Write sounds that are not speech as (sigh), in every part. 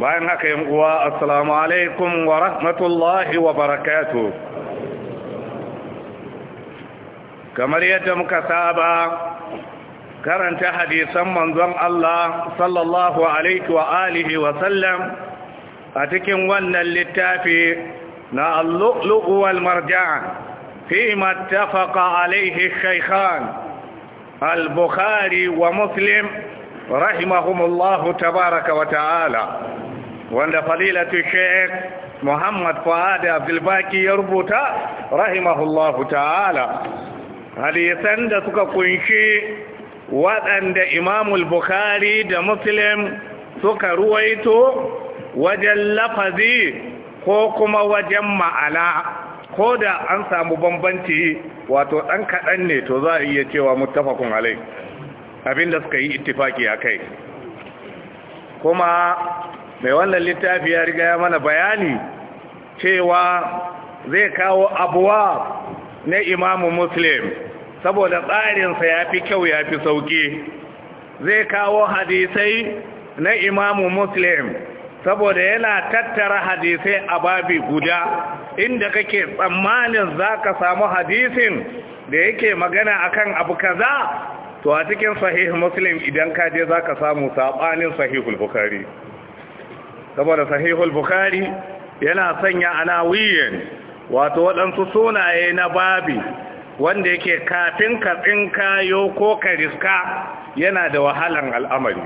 باين حقيم قوا السلام عليكم ورحمة الله وبركاته كما ريتم كتابا كرنت حديثا من ذن الله صلى الله عليه وآله وسلم أتكم ون اللتافي نا اللؤلؤ والمرجان فيما اتفق عليه الشيخان البخاري ومسلم رحمهم الله تبارك وتعالى wanda fadilatu sheikh muhammad fuhad abdulbaki ya rubuta rahimahullahu ta'ala hadisan da suka kunshi waɗanda imamul bukhari da muslim suka ruwaito wajen lafazi ko kuma wajen ma'ana ko da an samu bambanci wato ɗan kaɗan ne to za a iya cewa mutafakun alai abinda suka yi ittifaki a kai kuma mai wannan littafi ya riga ya mana bayani cewa zai kawo abuwa na imamu muslim saboda tsarinsa ya fi kyau ya fi sauki zai kawo hadisai na imamu muslim saboda yana tattara hadisai a babi guda inda kake tsammanin za ka samu hadisin da yake magana akan abu kaza to a cikin sahih muslim idan ka je za ka samu saɓanin sahihul bukari saboda sahihul bukhari yana sanya anawiyin wato waɗansu sunaye na babi wanda yake kafin ka kayo ko ka riska yana da wahalan al'amari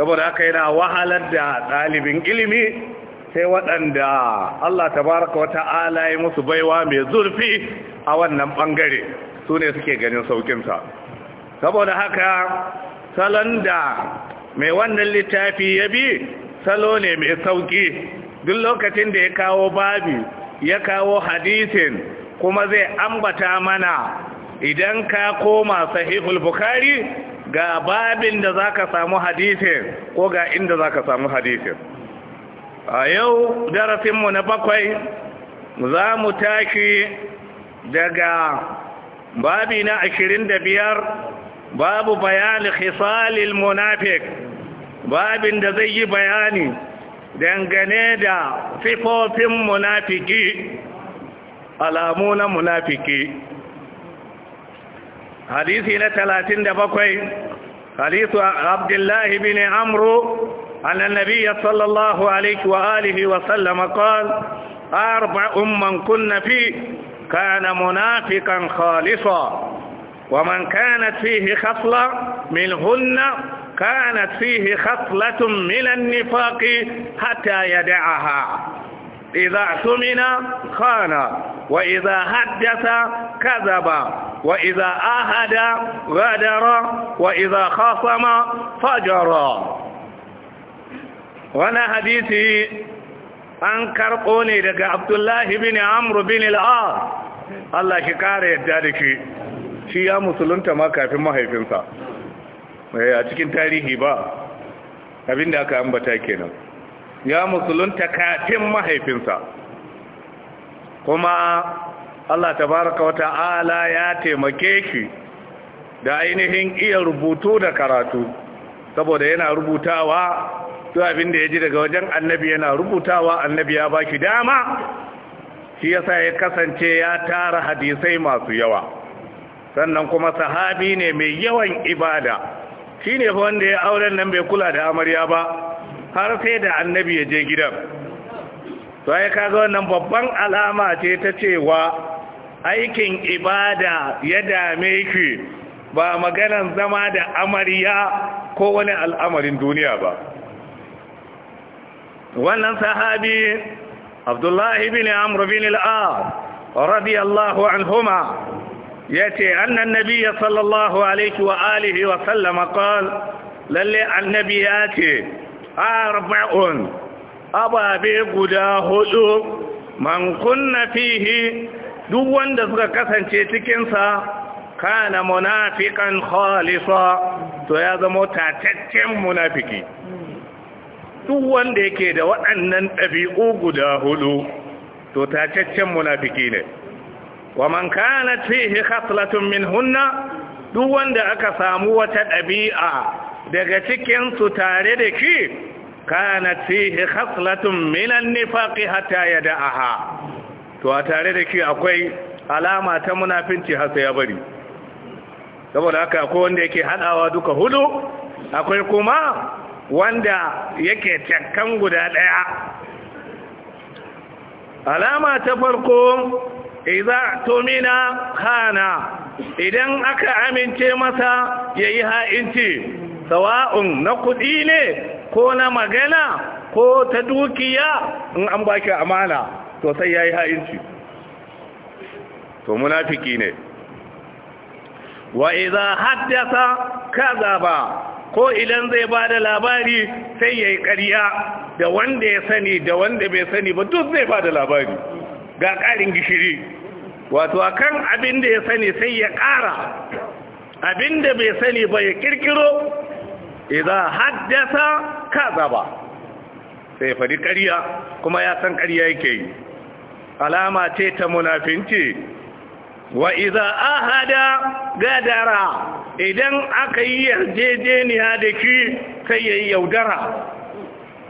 saboda haka yana wahalar da ɗalibin ilimi sai waɗanda Allah tabaraka wa ta'ala ya musu baiwa mai zurfi a wannan ɓangare Sune suke ganin saukinsa saboda haka salon da mai wannan littafi ya bi salo ne mai sauƙi duk lokacin da ya kawo babi ya kawo hadisin kuma zai ambata mana idan ka koma sahihul bukari ga babin da za samu hadisin ko ga inda za samu hadisin a yau darasinmu na bakwai za mu tashi daga babi na ashirin biyar babu bayanin hisalil munafik babin da zai yi bayani dangane da sifofin munafiki alamu na munafiki hadisi na talatin da bakwai hadisu abdullahi bin amru أن النبي صلى الله عليه وآله وسلم قال أربع من كن فيه كان منافقا خالصا ومن كانت فيه خصلة منهن kanat fihi khaslatun min an-nifaq hatta yad'aha idza tumina khana wa idza haddatha kadhaba wa idza ahada ghadara wa idza khasama fajara wannan hadisi an karɓo ne daga abdullahi bin amru bin al'ar Allah shi ƙara yadda da shi shi ya musulunta ma kafin mahaifinsa Eh, a cikin tarihi ba abinda aka ambata kenan ya musulunta katin mahaifinsa kuma Allah tabaraka wa ta'ala ya taimake shi da ainihin iya rubutu da karatu saboda yana rubutawa duk abinda ya ji daga wajen annabi yana rubutawa annabi ya baki dama shi yasa ya kasance ya tara hadisai masu yawa sannan kuma sahabi ne mai yawan ibada shi ne wanda ya auren nan bai kula da amarya ba har sai da annabi ya je gidan to ya kaga wannan babban alama ce ta cewa aikin ibada ya dame ki ba maganan zama da amarya ko wani al'amarin duniya ba wannan sahabi abdullahi bin amr bin radiyallahu anhuma yace annan ya sallallahu alaihi wa alihi wa sallama qala lalle annabi ya ce arba'un ababe guda hudu man kunna fihi duk wanda suka kasance cikinsa kana munafiqan khalisa to ya zama tataccen munafiki duk wanda yake da waɗannan ɗabi'u guda hudu to tataccen munafiki ne wa man kanat fihi khaslatun minhunna duk wanda aka samu wata ɗabi'a daga cikin su tare da ki kanat fihi khaslatun minan nifaq hatta yada'aha to a tare da ki akwai alama ta munafinci har sai ya bari saboda haka akwai wanda yake hadawa duka hudu akwai kuma wanda yake cankan guda daya alama ta farko iza tumina khana idan aka amince masa yayi ha'inci sawa'un na kudi ne ko na magana ko ta dukiya in an baki amana to sai yayi ha'inci to munafiki ne wa iza haddasa kazaba ko idan zai ba da labari sai yayi ƙarya da wanda ya sani da wanda bai sani ba duk zai ba da labari ga ƙarin gishiri wato kan abin da ya sani sai ya ƙara abin da bai sani ba ya ƙirƙiro idan haddasa zaba sai faɗi ƙarya kuma ya san ƙarya yake yi alama ce ta munafinci wa idan ahada gadara idan aka yi yarjejeniya da ki sai ya yaudara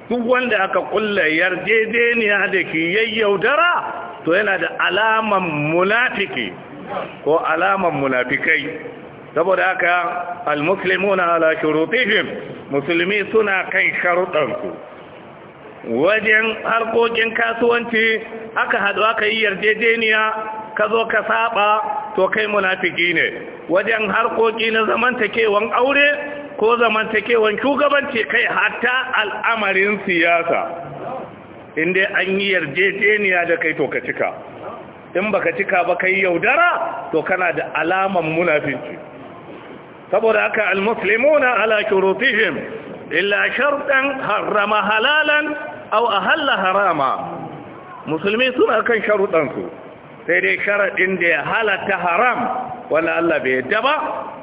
duk wanda aka kulla yarjejeniya da ki yayi yaudara to yana da alaman munafiki ko alaman munafikai saboda haka almuslimuna ala shurutihim musulmi suna kan sharuɗansu wajen harkokin kasuwanci aka haɗu aka yi yarjejeniya ka zo ka saba to kai munafiki ne wajen harkoki na zamantakewan aure ko zamantakewan shugabanci kai hatta al'amarin siyasa in dai an yi yarjejeniya da kai to ka cika in baka cika ba kai yaudara to kana da alaman munafinci saboda haka almuslimuna ala shurutihim illa shartan harrama halalan aw ahalla harama musulmi suna kan sharuɗan su sai dai sharaɗin da ya halatta haram wanda Allah bai yadda ba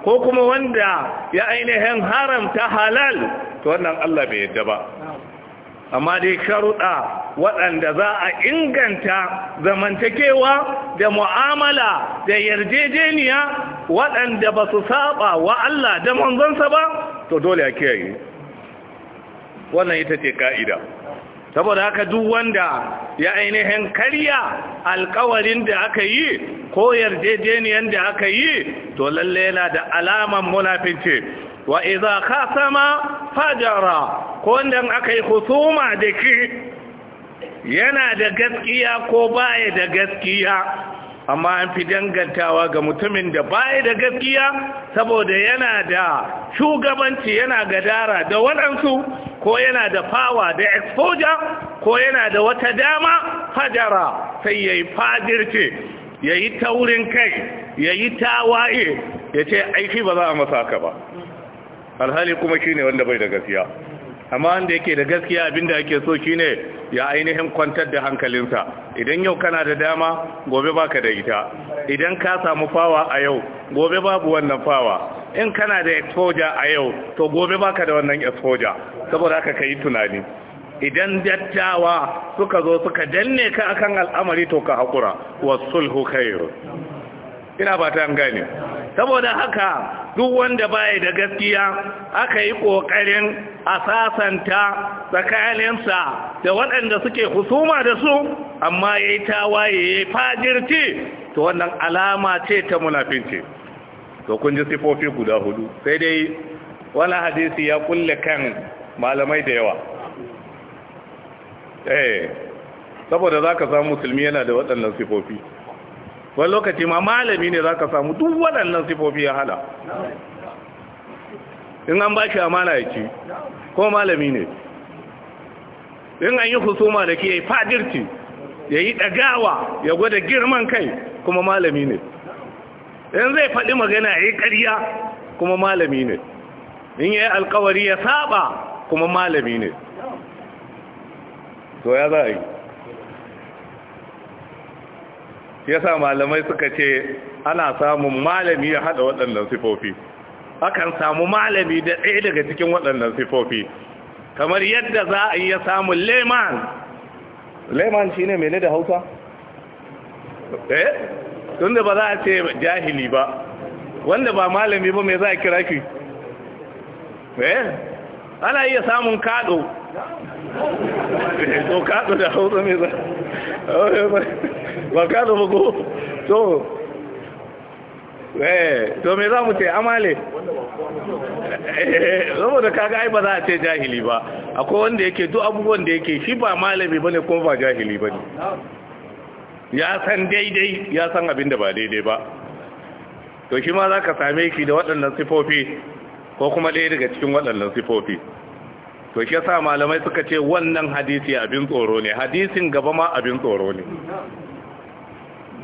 ko kuma wanda ya ainihin haramta halal to wannan Allah bai yadda ba amma dai sharuɗa waɗanda za a inganta zamantakewa da mu'amala da yarjejeniya waɗanda ba su saba wa Allah da manzonsa ba to dole a kiyaye wannan ita ce ka'ida saboda haka duk wanda ya ainihin karya alkawarin da aka yi ko yarjejeniyar da aka yi to lalle yana da alaman munafinci wa idza khasama fajara ko wanda aka yi husuma da ki yana da gaskiya ko baya da gaskiya amma an fi dangantawa ga mutumin da baya da gaskiya saboda yana da shugabanci yana gadara da waɗansu ko yana da fawa da exposure ko yana da wata dama fajara sai ya yi fadirce ya yi taurin kai ya yi tawaye ya ce aiki ba za a masa ka ba alhali kuma shi ne wanda bai da gaskiya amma wanda yake da gaskiya abin abinda yake so shine ya ainihin kwantar da hankalinsa idan yau kana da dama gobe baka da ita idan ka samu fawa a yau gobe babu wannan fawa in kana da exposure a yau to gobe baka da wannan exposure saboda haka kai tunani idan dattawa suka zo suka danne ka akan al'amari to ka hakura wasulhu khairu ina ba ta gane saboda haka duk wanda baya da gaskiya aka yi ƙoƙarin a sasanta tsakaninsa da waɗanda suke husuma da su amma ya yi tawaye ya fajirci to wannan alama ce ta munafinci to kun ji sifofi guda hudu sai dai wani hadisi ya kulle kan malamai da yawa eh saboda za ka samu musulmi yana da waɗannan sifofi wani lokaci ma malami ne za ka samu duk waɗannan sifofi ya hala in an ba shi amana ya ci ko malami ne in an yi husuma da ke fadirci ya yi ɗagawa ya gwada girman kai kuma malami ne in zai faɗi magana ya yi ƙarya kuma malami ne in ya yi alkawari ya saba kuma malami ne to ya za a yi yasa malamai suka ce ana samun malami ya hada waɗannan sifofi akan samu malami da ɗaya daga cikin waɗannan sifofi kamar yadda za a iya samun leman leman shine mene da hausa eh tunda ba za a ce jahili ba wanda ba malami ba me za a kira ki eh ana iya samun kado Ko (laughs) kado da hausa me za ba ka zama ko to eh to me za mu ce amale eh, saboda kaga ai ba za a ce jahili ba akwai wanda yake duk abubuwan da yake shi ba malami bane ko ba jahili bane ya san daidai ya san abin da ba daidai ba to shi ma za ka same shi da waɗannan sifofi ko kuma ɗaya daga cikin waɗannan sifofi to shi yasa malamai suka ce wannan hadisi abin tsoro ne hadisin gaba ma abin tsoro ne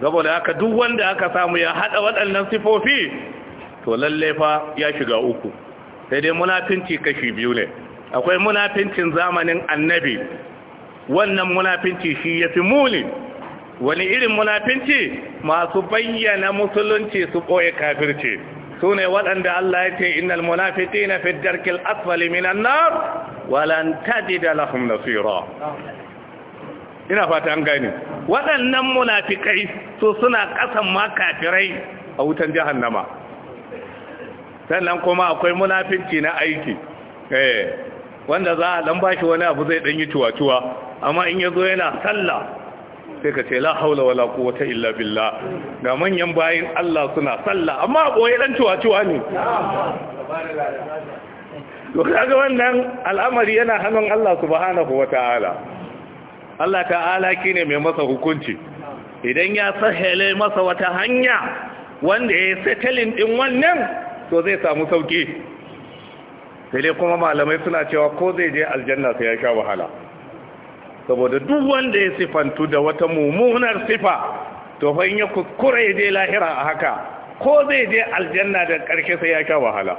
saboda haka duk wanda aka samu ya hada waɗannan sifofi to lalle fa ya shiga uku sai dai munafinci kashi biyu ne akwai munafincin zamanin annabi wannan munafinci shi yafi muni wani irin munafinci masu bayyana musulunci su ɓoye kafirci su ne waɗanda Allah ya ce innal munafiqina fi darkil asfali minan nar walan tajida lahum nasira ina fata an gane waɗannan munafikai to suna kasan ma kafirai a wutan jahannama sannan kuma akwai munafinci na aiki eh wanda za a dan bashi wani abu zai dan yi tuwa-tuwa amma in yazo yana sallah sai ka ce la haula wala quwwata illa billah ga manyan bayin Allah suna sallah amma boye dan tuwa-tuwa ne to kaga wannan al'amari yana hannun Allah subhanahu wataala Allah ta'ala kine mai masa hukunci idan ya sahale masa wata hanya wanda ya settle din wannan to zai samu sauki sai kuma malamai suna cewa ko zai je aljanna sai ya sha wahala saboda duk wanda ya sifantu da wata mummunar sifa to fa in ya kuskure ya je lahira a haka ko zai je aljanna da karshe sai ya sha wahala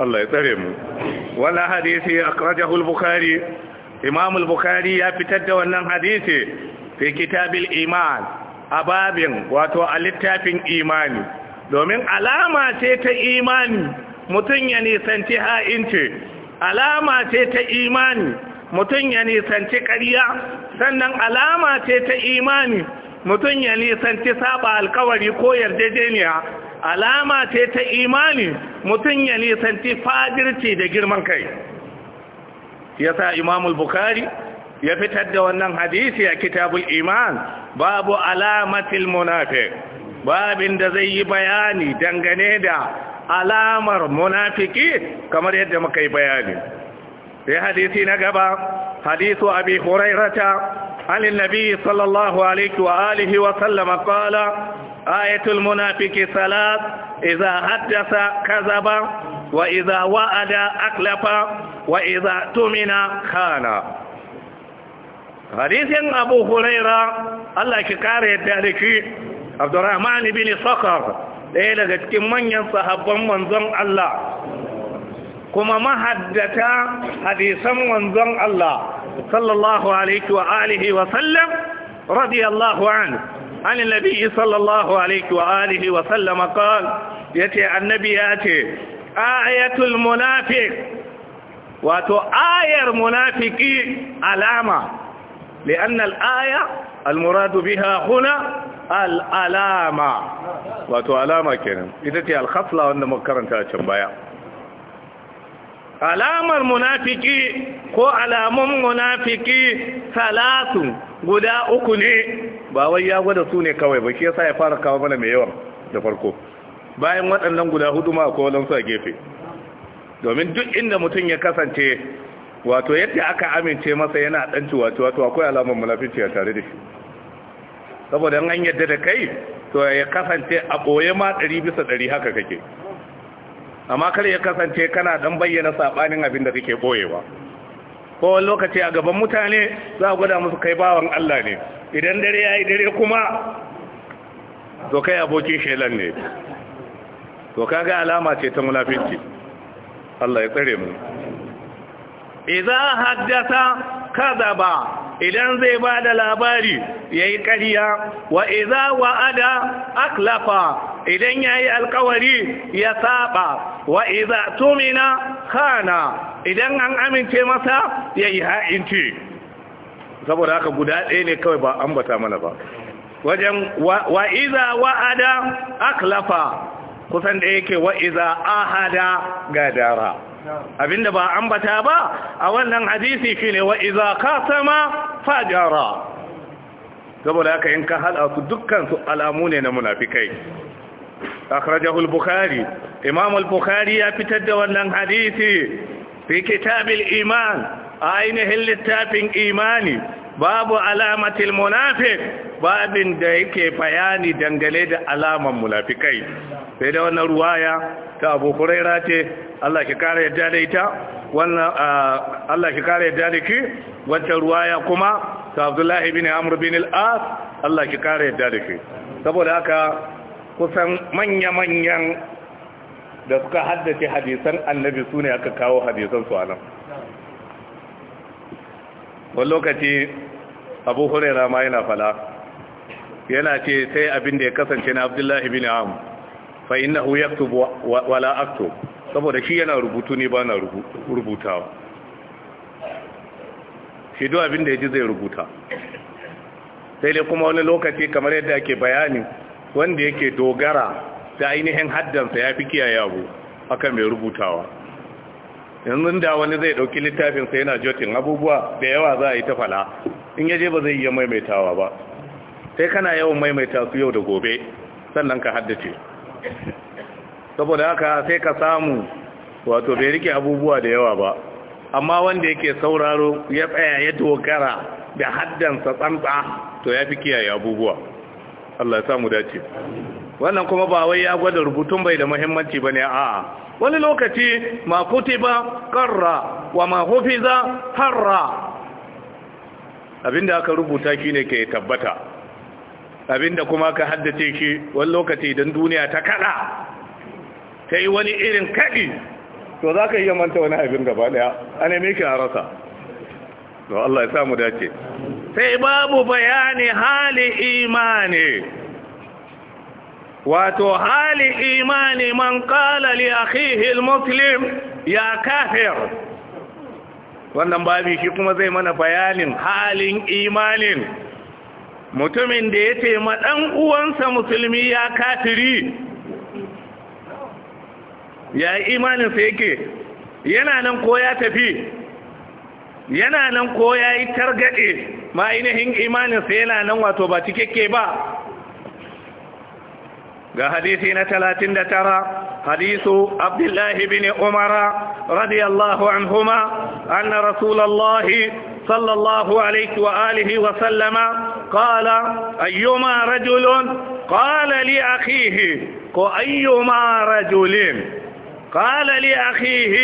Allah ya tsare mu wannan hadisi a al-bukhari imam al-bukhari ya fitar da wannan hadisi fi kitabil iman ababin wato a littafin imani domin alama ce ta imani mutum ya nisanci ha'inci alama ce ta imani mutum ya nisanci ƙarya sannan alama ce ta imani mutum ya nisanci saba alkawari ko yarjejeniya alama ce ta imani mutum ya nisanci fajirci da girman kai ya sa imamul bukari ya fitar da wannan hadisi a kitabul iman babu alamatil munafiq babin da zai yi bayani dangane da alamar munafiki kamar yadda muka yi bayani sai hadisi na gaba hadisu abi hurairata عن النبي صلى الله عليه wa sallama قال ayatul munafiki salat iza haddasa kazaba wa idza wa'ada aklafa wa idza tumina kana. hadisin abu huraira Allah ki kare yadda da ki Abdurrahman ibn Sakar ɗaya daga cikin manyan sahabban manzon Allah kuma mahaddata hadisan manzon Allah sallallahu alaihi wa alihi wa sallam radiyallahu anhu عن النبي صلى الله عليه وآله وسلم قال يتي النبي ياتي آية المنافق واتو آية المنافق علامة لأن الآية المراد بها هنا العلامة واتو علامة كنا إذا تي الخفلة وأن مكرن تأتي alamar munafiki ko alamun munafiki salatu guda uku ne ba wai ya gwada su ne kawai ba shi yasa ya fara kawo mana mai yawan da farko bayan waɗannan guda hudu ma ko wadansu a gefe domin duk inda mutum ya kasance wato yadda aka amince masa yana ɗan wato wato akwai alamar munafiki a tare da shi saboda an yadda da kai to ya kasance a ɓoye ma ɗari bisa ɗari haka kake amma kar ya kasance kana dan bayyana sabanin abin da kake boyewa ko lokaci a gaban mutane za a gwada musu kai bawan Allah ne idan dare ya yi dare kuma to kai abokin shelan ne to kaga alama ce ta munafiki Allah ya tsare mu idza haddasa kadaba idan zai ba da labari ya yi ƙariya wa iza ada aklafa idan ya yi alkawari ya saba wa iza tumina kana idan an amince masa ya yi ha'inci saboda haka guda ɗaya ne kawai ba ambata mana ba wajen wa iza wa'ada aklafa kusan da yake wa iza ahada gadara abinda ba ambata ba a wannan hadisi shine wa idza qasama fajara saboda haka in ka hada su dukkan su alamu ne na munafikai akhrajahu al-bukhari imam al-bukhari ya fitar da wannan hadisi fi kitab iman ainihin littafin imani babu alamatil munafiq babin da yake bayani dangane da alaman munafikai sai da wannan ruwaya ta Abu Hurairah ce Allah ki kare yadda da ita wannan Allah ki kare yadda da ki wancan ruwaya kuma ta Abdullahi ibn Amr ibn al-As Allah ki kare yadda da ki saboda haka kusan manya-manyan da suka haddace hadisan annabi sune aka kawo hadisan su anan wani lokaci abu huraira ma yana fala yana ce sai abin da ya kasance na abdullahi bin am fa innahu yaktubu wala aktu saboda shi yana rubutu ne ba na rubutawa shi duk abin da ya ji zai rubuta sai dai kuma wani lokaci kamar yadda ake bayani wanda yake dogara da ainihin haddansa ya fi kiyaye abu akan mai rubutawa yanzu da wani zai ɗauki littafinsa yana jotin abubuwa da yawa za a yi ta fala in yaje ba zai iya maimaitawa ba sai kana yawan maimaita su yau da gobe sannan ka haddace saboda haka sai ka samu wato bai rike abubuwa da yawa ba amma wanda yake sauraro ya tsaya ya dogara da haddansa tsantsa to ya fi kiyaye abubuwa Allah ya samu dace wannan kuma ba wai ya gwada rubutun bai da muhimmanci bane a'a wani lokaci ma kutiba qarra wa ma hufiza harra abinda aka rubuta shine ke tabbata abinda kuma ka haddace shi wani lokaci don duniya ta kada ta yi wani irin kaɗi to za ka iya manta wani abin gaba daya a neme ki a rasa to Allah ya samu dace sai babu bayani hali imani wato hali imani man kala li akhihi muslim ya kafir wannan babu shi kuma zai mana bayanin halin imanin mutumin da ya ce ɗan uwansa musulmi ya kafiri ya yi imaninsa yake yana nan ko ya tafi yana nan ko ya yi targaɗe ma ainihin imaninsa yana nan wato ba cikakke ba ga hadisi na talatin da tara hadisu abdullahi bin umara radiyallahu anhuma anna rasulallahi صلى الله عليه وآله وسلم قال أيما رجل قال لأخيه أيما رجل قال لأخيه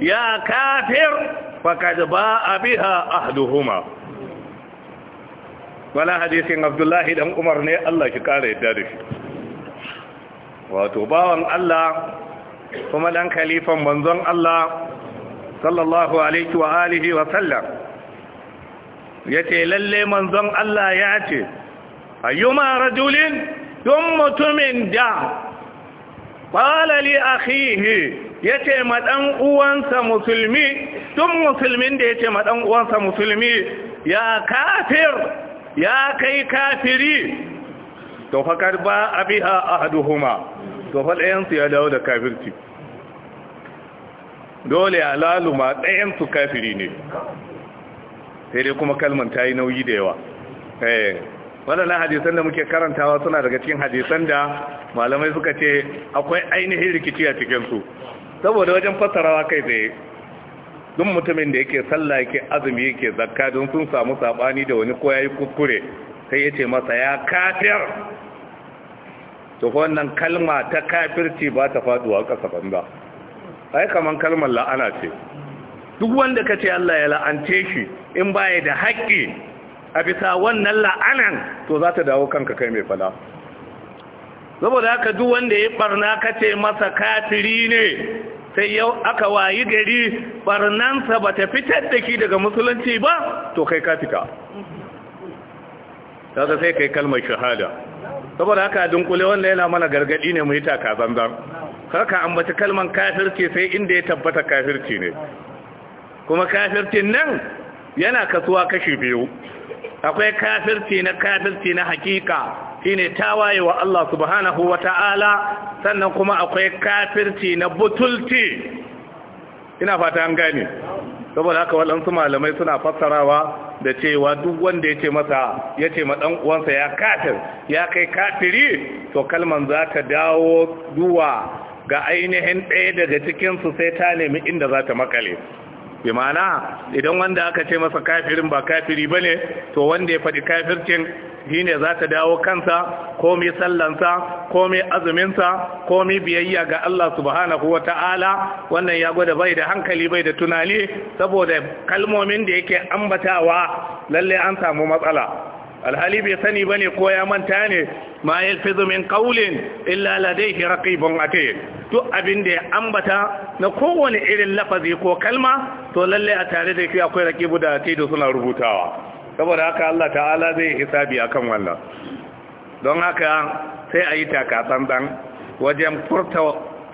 يا كافر فقد باء بها أهدهما ولا حديث عبد الله دم عمر نه الله شي قال يدارس واتو باون الله ثم دان خليفه منزون الله صلى الله عليه واله وسلم ya ce lalle manzon Allah ya ce ayyuma rajulin don mutumin da li akhihi ya ce maɗan uwansa musulmi tun musulmin da ya ce maɗan uwansa musulmi ya kafir ya kai kafiri to fakar ba a biha a haduhuma to faɗayensu ya dawo da kafirci dole a laluma ɗayensu kafiri ne sai dai kuma kalman ta yi nauyi da yawa eh, waɗannan hadisan da muke karantawa suna daga cikin hadisan da malamai suka ce akwai ainihin rikici a cikinsu saboda wajen fassarawa kai tsaye duk mutumin da yake sallah yake azumi yake zakka don sun samu sabani da wani ko kukure kuskure sai ya ce masa ya kafir to wannan kalma ta kafirci ba ta faduwa ƙasa banza ai kaman kalmar la'ana ce duk wanda ka ce Allah ya la'ante shi in baya da haƙƙi a bisa wannan la'anan to za ta dawo kanka kai mai fala saboda haka duk wanda ya barna ce masa kafiri ne sai yau aka wayi gari barnansa ba ta fitar da ki daga musulunci ba to kai ka fita ta sai kai kalmar shahada saboda haka dunkule wanda yana mana gargadi ne mu yi taka zanzan karka ambaci kalmar kafirci sai inda ya tabbata kafirci ne kuma kafircin nan yana kasuwa kashi biyu akwai kafirci na kafirci na hakika shine tawaye wa Allah subhanahu wata'ala sannan kuma akwai kafirci na butulci ina fata an gane saboda haka waɗansu malamai suna fassarawa da cewa duk wanda ya ce masa ya ce ma ɗan uwansa ya kafir ya kai kafiri to kalman za ta dawo duwa ga ainihin ɗaya daga cikinsu sai ta nemi inda za ta makale bi ma'ana idan wanda aka ce masa kafirin ba kafiri ba ne to wanda ya faɗi kafircin ne za ta dawo kansa komai sallansa komai azuminsa komai biyayya ga Allah subhanahu wa ta'ala wannan ya gwada bai da hankali bai da tunani saboda kalmomin da yake ambatawa lalle an samu matsala alhali bai sani bane ko ya manta ne ma yalfizu min qawlin illa ladayhi raqibun atid duk abinda ya ambata na kowane irin lafazi ko kalma to lalle a tare da shi akwai raqibu da atid suna rubutawa saboda haka Allah ta'ala zai hisabi akan wannan don haka sai a yi takatsantsan wajen furta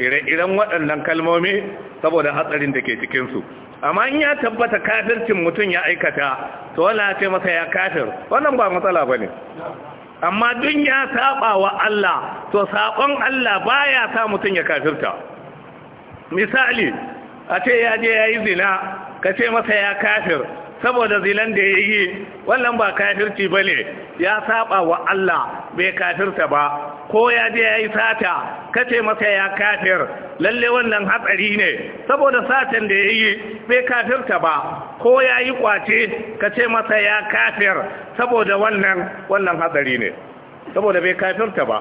ire-iren waɗannan kalmomi saboda hatsarin da ke cikinsu amma in ya tabbata kafircin mutum ya aikata to wala ce masa ya kafir wannan ba matsala bane amma duk ya saba wa Allah to sabon Allah baya sa mutum ya kafirta misali a ce ya je yayi zina kace masa ya kafir saboda Zilan da ya yi wannan ba kafirci ba ne ya saba wa Allah bai kafirta ba ko ya je ya yi sata kace masa ya kafir lalle wannan hatsari ne saboda satan da ya yi bai kafirta ba ko ya yi kwace kace masa ya kafir saboda wannan wannan hatsari ne saboda bai kafirta ba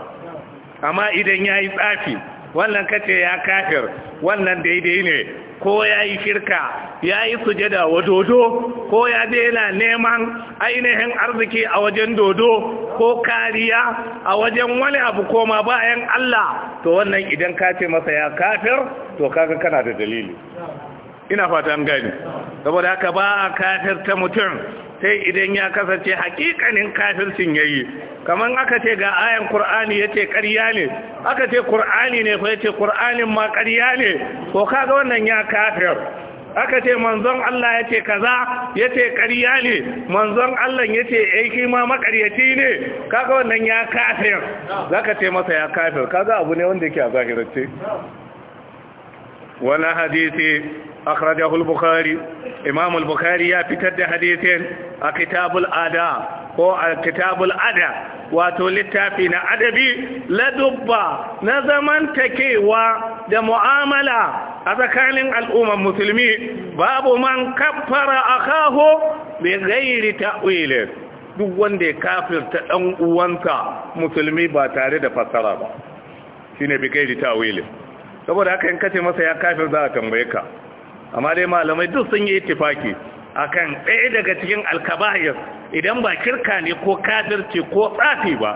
amma idan ya yi tsafi wannan kace ya kafir wannan daidai ne ko ya yi shirka ya yi sujada wa dodo ko ya daina neman ainihin arziki a wajen dodo ko kariya a wajen wani abu koma bayan Allah to wannan idan ka ce masa ya kafir to kaga kana da dalili ina fata an gani saboda haka ba kafir ta mutum sai idan ya kasance hakikanin kafircin yi. kaman aka ce ga ayan ya ce ƙarya ne aka ce ƙur'ani ne fa ce ƙur'anin ma ƙarya ne ka kaga wannan ya kafir aka ce manzon Allah ya ce kaza ya ce ƙarya ne manzon Allah ya ce aiki eh, ma makaryaci ne kaga wannan ya kafir za ka ce masa ya kafir kaga abu ne wanda yake a zahirarce wani hadisi akhrajahu al-bukhari imam bukhari ya fitar da hadisin a kitabul ada ko a kitabul ada wato littafi na adabi ladubba na zamantakewa da mu'amala a tsakanin al'ummar musulmi babu man kaffara akahu bi ghairi ta'wilin duk wanda ya kafirta dan uwansa musulmi ba tare da fassara ba shine bi ghairi ta'wilin saboda haka in ce masa ya kafin za a tambaye ka amma dai malamai duk sun yi a akan ɗaya daga cikin alkabayar idan ba kirka ne ko kafirci ko tsafi ba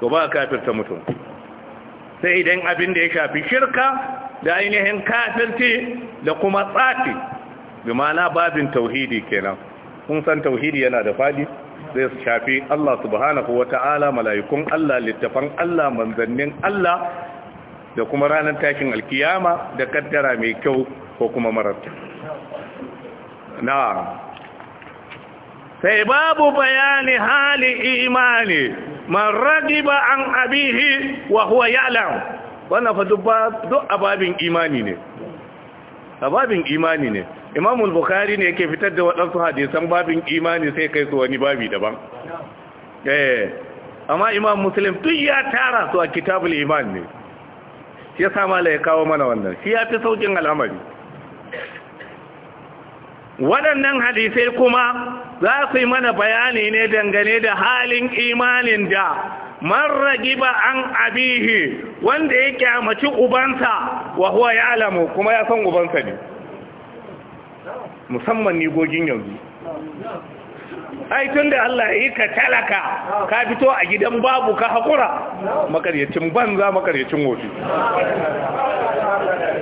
to ba kafirta mutum sai idan abin da ya shafi shirka da ainihin kafirci da kuma tsafi bi mana babin tauhidi kenan kun san tauhidi yana da fadi zai shafi Allah subhanahu wata'ala mala'ikun Allah littafan Allah manzannin Allah da kuma ranar tashin alkiyama da kaddara mai kyau ko kuma mararta na sai babu bayani hali imani man ragiba an abihi wa huwa ya'lam wannan fa duk ababin imani ne ababin imani ne imamu bukhari ne yake fitar da waɗansu hadisan babin imani sai kai su wani babi daban eh amma imam muslim duk ya tara su a kitabul iman ne ya sa mala ya kawo mana wannan shi ya fi saukin al'amari waɗannan hadisai kuma za su yi mana bayani ne dangane da halin imanin da man ragiba an abihi wanda ya kyamaci ubansa wa huwa ya alamu kuma ya san ubansa ne musamman nigogin yanzu ai tun da Allah ya yi ka talaka ka fito a gidan babu ka haƙura makaryacin banza makaryacin wofi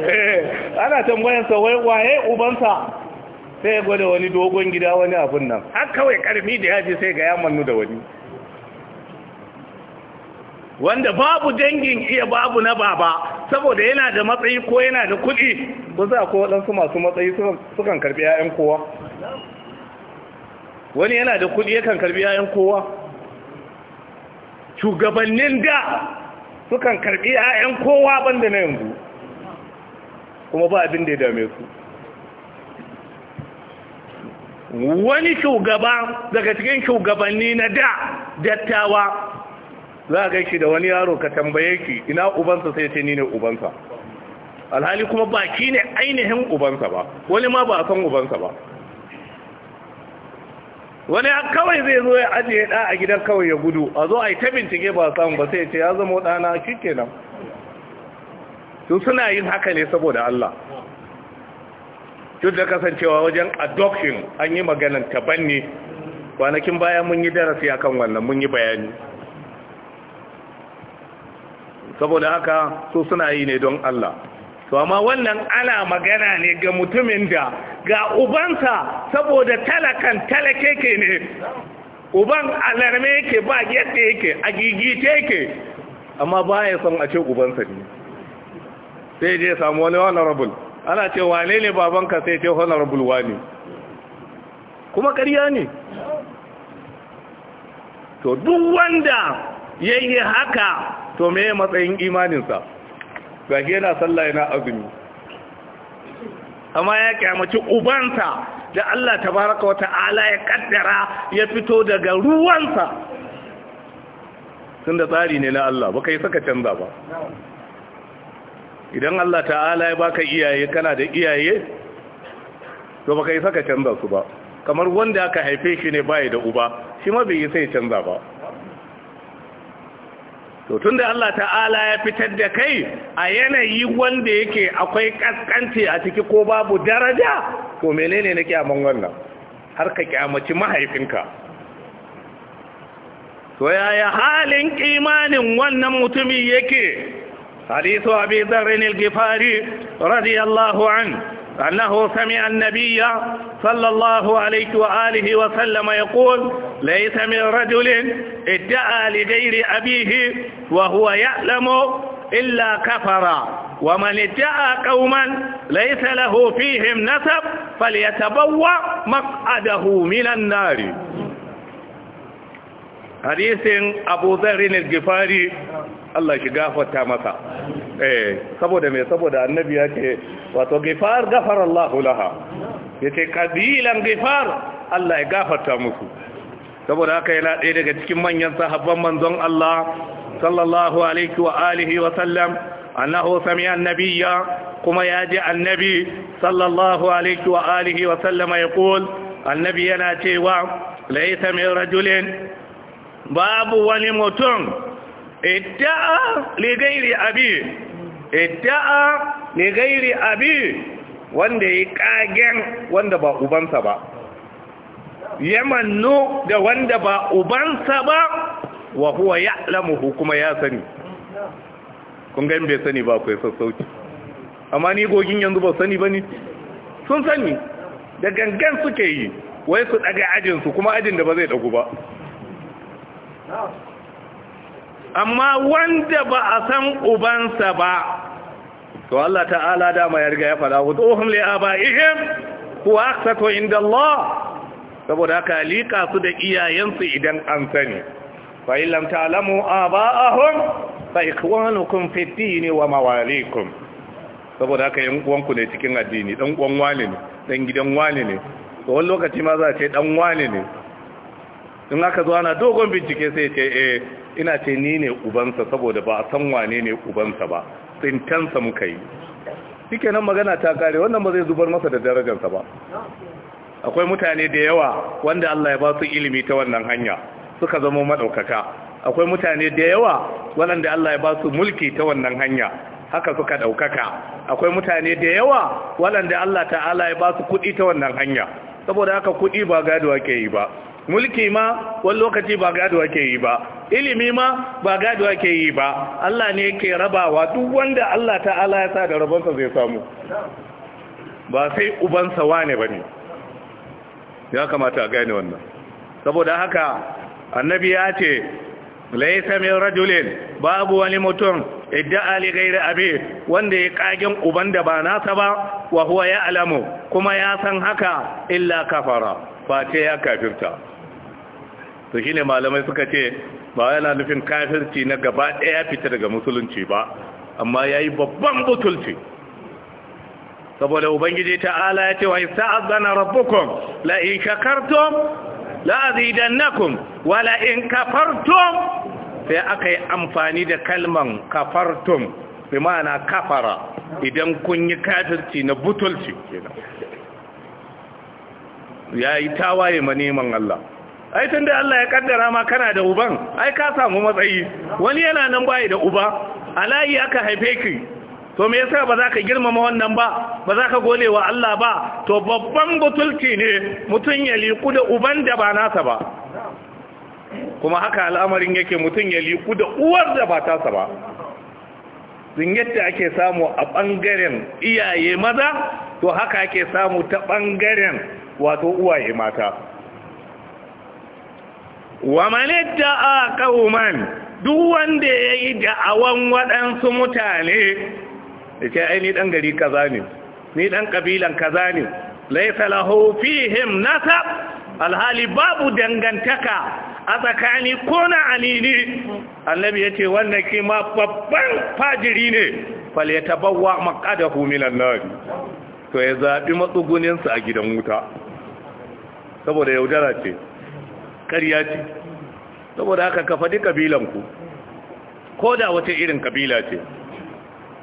eh, ana tambayansa wai waye ubansa sai ya gwada wani dogon gida wani abun nan har kawai karfi da yaji sai ga ya da wani wanda babu dangin iya babu na baba saboda yana da matsayi ko yana da kuɗi ko za ko waɗansu masu matsayi sukan karɓi 'ya'yan kowa wani yana da kuɗi yakan karɓi 'ya'yan kowa shugabannin da sukan karɓi 'ya'yan kowa banda na yanzu kuma ba abin da ya dame su wani shugaba daga cikin shugabanni na da dattawa za a gaishe da wani yaro ka tambaye ki ina ubansa sai ce ni ubansa alhali kuma ba baki ne ainihin ubansa ba wani ma ba a san ubansa ba wani kawai zai zo ya ajiye ɗa a gidan kawai ya gudu a zo a yi ta bincike ba samu ba sai ce ya zama ɗana shi kenan su suna yin haka ne saboda Allah duk da kasancewa wajen adoption an yi maganan taban ne kwanakin baya mun yi darasi akan wannan mun yi bayani saboda haka su suna yi ne don Allah to amma wannan ana magana ne ga mutumin da ga ubansa saboda talakan talake ke ne uban alarme yake ba yadda yake a gigice yake amma ba ya son a ce ubansa ne sai je samu wani honorable ana ce wane ne babanka sai ce bulwa ne kuma karya ne to duk wanda ya yi haka to me matsayin imaninsa ga yana sallah yana azumi amma ya kyamaci ubansa da Allah tabaraka wa ta'ala ya kaddara ya fito daga ruwansa da tsari ne na Allah baka yi saka canza ba idan Allah ta'ala ya baka iyaye kana da iyaye to baka yi saka canza su ba kamar wanda aka haife shi ne bai da uba shi ma bai yi sai canza ba to tunda Allah ta'ala ya fitar da kai a yanayi wanda yake akwai kaskanci a ciki ko babu daraja to menene nake aman wannan har ka kyamaci mahaifinka to yaya halin imanin wannan mutumin yake حديث أبي ذر الغفاري رضي الله عنه أنه سمع النبي صلى الله عليه وآله وسلم يقول ليس من رجل ادعى لغير أبيه وهو يعلم إلا كفر ومن ادعى قوما ليس له فيهم نسب فليتبوى مقعده من النار حديث أبو ذر الغفاري Allah shi gafarta masa eh saboda me saboda annabi ya ce wato gifar gafara Allah laha yace kabilan gifar Allah ya gafarta musu saboda haka yana ɗaya daga cikin manyan sahabban manzon Allah sallallahu alaihi wa alihi wa sallam annahu sami'a annabiyya kuma ya ji annabi sallallahu alaihi wa alihi wa sallama yaqul annabi yana cewa laysa min rajulin babu wani mutum idda'a li gairi abi idda'a li gairi abi wanda ya kagen wanda ba ubansa ba yamannu da wanda ba ubansa ba wa huwa ya'lamuhu kuma ya sani kun ga bai sani ba kai sassauci amma ni gogin yanzu ba sani bane sun sani da gangan suke yi wai su daga ajinsu kuma ajin da ba zai dagu ba amma wanda ba a san ubansa ba to Allah ta'ala dama ya riga ya fada wuduhum li abaihim huwa aqsatu inda Allah saboda haka liƙa su da iyayensu idan an sani fa illam ta'lamu aba'ahum fa ikwanukum fi din wa mawalikum saboda haka yan uwanku ne cikin addini dan uwan wani ne dan gidan wani ne to wani lokaci ma za a ce dan wani ne in aka zo ana dogon bincike sai ce eh ina ce ni ne ubansa saboda ba a san wane ne ubansa ba tsintansa muka yi shike nan magana ta kare wannan ba zai zubar masa da darajarsa ba akwai mutane da yawa wanda Allah ya ba su ilimi ta wannan hanya suka zama madaukaka akwai mutane da yawa wanda Allah ya ba su mulki ta wannan hanya haka suka ɗaukaka akwai mutane da yawa wanda Allah ta'ala ya ba su kuɗi ta wannan hanya saboda haka kuɗi ba gado ake yi ba mulki ma wani lokaci ba gado ake yi ba ilimi ma ba gado ake yi ba Allah ne ke rabawa duk wanda Allah ta'ala ya sa da rabonsa zai samu ba sai ubansa wane ba ne ya kamata a gane wannan saboda haka annabi ya ce laisa min rajulin babu wani mutum idda Ali gairi abi wanda ya kagen uban da ba nasa ba wa huwa ya alamu kuma ya san haka illa kafara ce ya kafirta to shine malamai suka ce ba yana nufin kafirci na gaba ɗaya fita daga musulunci ba amma yayi babban butulci saboda ubangiji ta'ala ya ce wa azana rabbukum la in shakartum la azidannakum wa la in kafartum sai aka yi amfani da kalman kafartum bi ma'ana kafara idan kun yi kafirci na butulci kenan yayi tawaye ma neman Allah ai tun da Allah ya kaddara ma kana da uban ai ka samu matsayi wani yana nan bai da uba alayi aka haife ki to me yasa ba za ka girmama wannan ba ba za ka gole wa Allah ba to babban butulci ne mutum ya liku da uban da ba nasa ba kuma haka al'amarin yake mutum ya liku da uwar da ba tasa ba din yadda ake samu a bangaren iyaye maza to haka ake samu ta bangaren wato uwaye mata wa manitta a kauman duk wanda ya yi da'awan waɗansu mutane da ce ai ɗan gari kaza ne ni ɗan ƙabilan kaza ne laisa lahu fihim alhali babu dangantaka a tsakani ko na alini annabi ce wannan ma babban fajiri ne fal ya yatabawwa maqadahu minan nari to ya zaɓi matsugunin a gidan wuta saboda yaudara ce ƙarya ce saboda haka ka faɗi ƙabilanku ko da wata irin ƙabila ce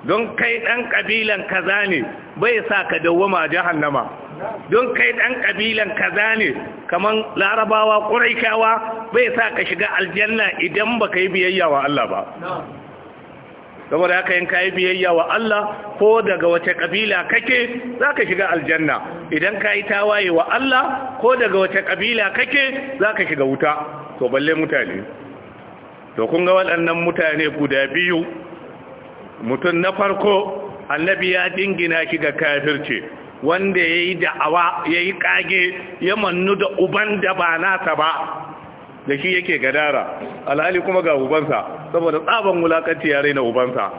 don kai ɗan ƙabilan kaza ne bai sa ka dawwama jahannama don kai ɗan ƙabilan kaza ne kamar larabawa ƙuraikawa bai sa ka shiga aljanna idan ba ka yi biyayya wa Allah ba saboda haka yin kayi biyayya wa Allah ko daga wace kabila kake zaka shiga aljanna idan kayi tawaye wa Allah ko daga wace kabila kake zaka shiga wuta to balle mutane to kun ga waɗannan mutane guda biyu mutum na farko annabi ya dingina shi ga kafirce wanda yayi da'awa yayi kage ya mannu da uban da ba nasa ba da shi yake gadara alhali kuma ga ubansa saboda tsaban wulakanci ya raina ubansa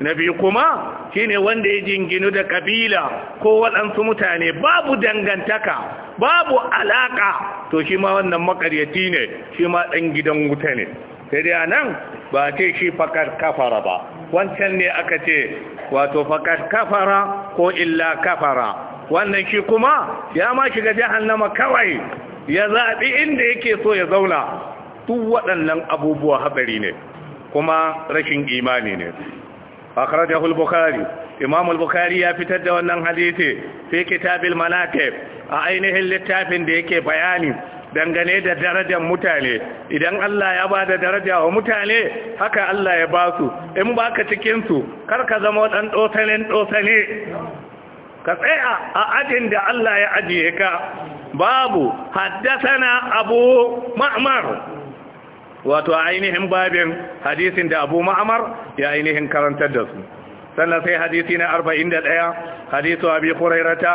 na biyu kuma shine wanda ya jinginu da kabila ko waɗansu mutane babu dangantaka babu alaƙa. to shi ma wannan makaryaci ne shi ma ɗan gidan wuta ne sai dai anan ba ce shi fakar kafara ba wancan ne aka ce wato fakar kafara ko illa kafara wannan shi kuma ya ma shiga jahannama kawai ya zaɓi inda yake so ya zauna duk waɗannan abubuwa haɗari ne kuma rashin imani ne akhrajahu al-bukhari imam Hulbukari ya fitar da wannan hadisi fi tabil al a ainihin littafin da yake bayani dangane da darajar mutane idan Allah ya bada daraja wa mutane haka Allah ya ba su in baka ka cikinsu kar ka zama dan dosalen dosane ka tsaya a ajin da Allah ya ajiye ka babu haddasana abu ma'mar wato ainihin babin hadisin da abu ma'mar ya ainihin karantar da su sannan sai hadisi na 41 hadisu abi hurairata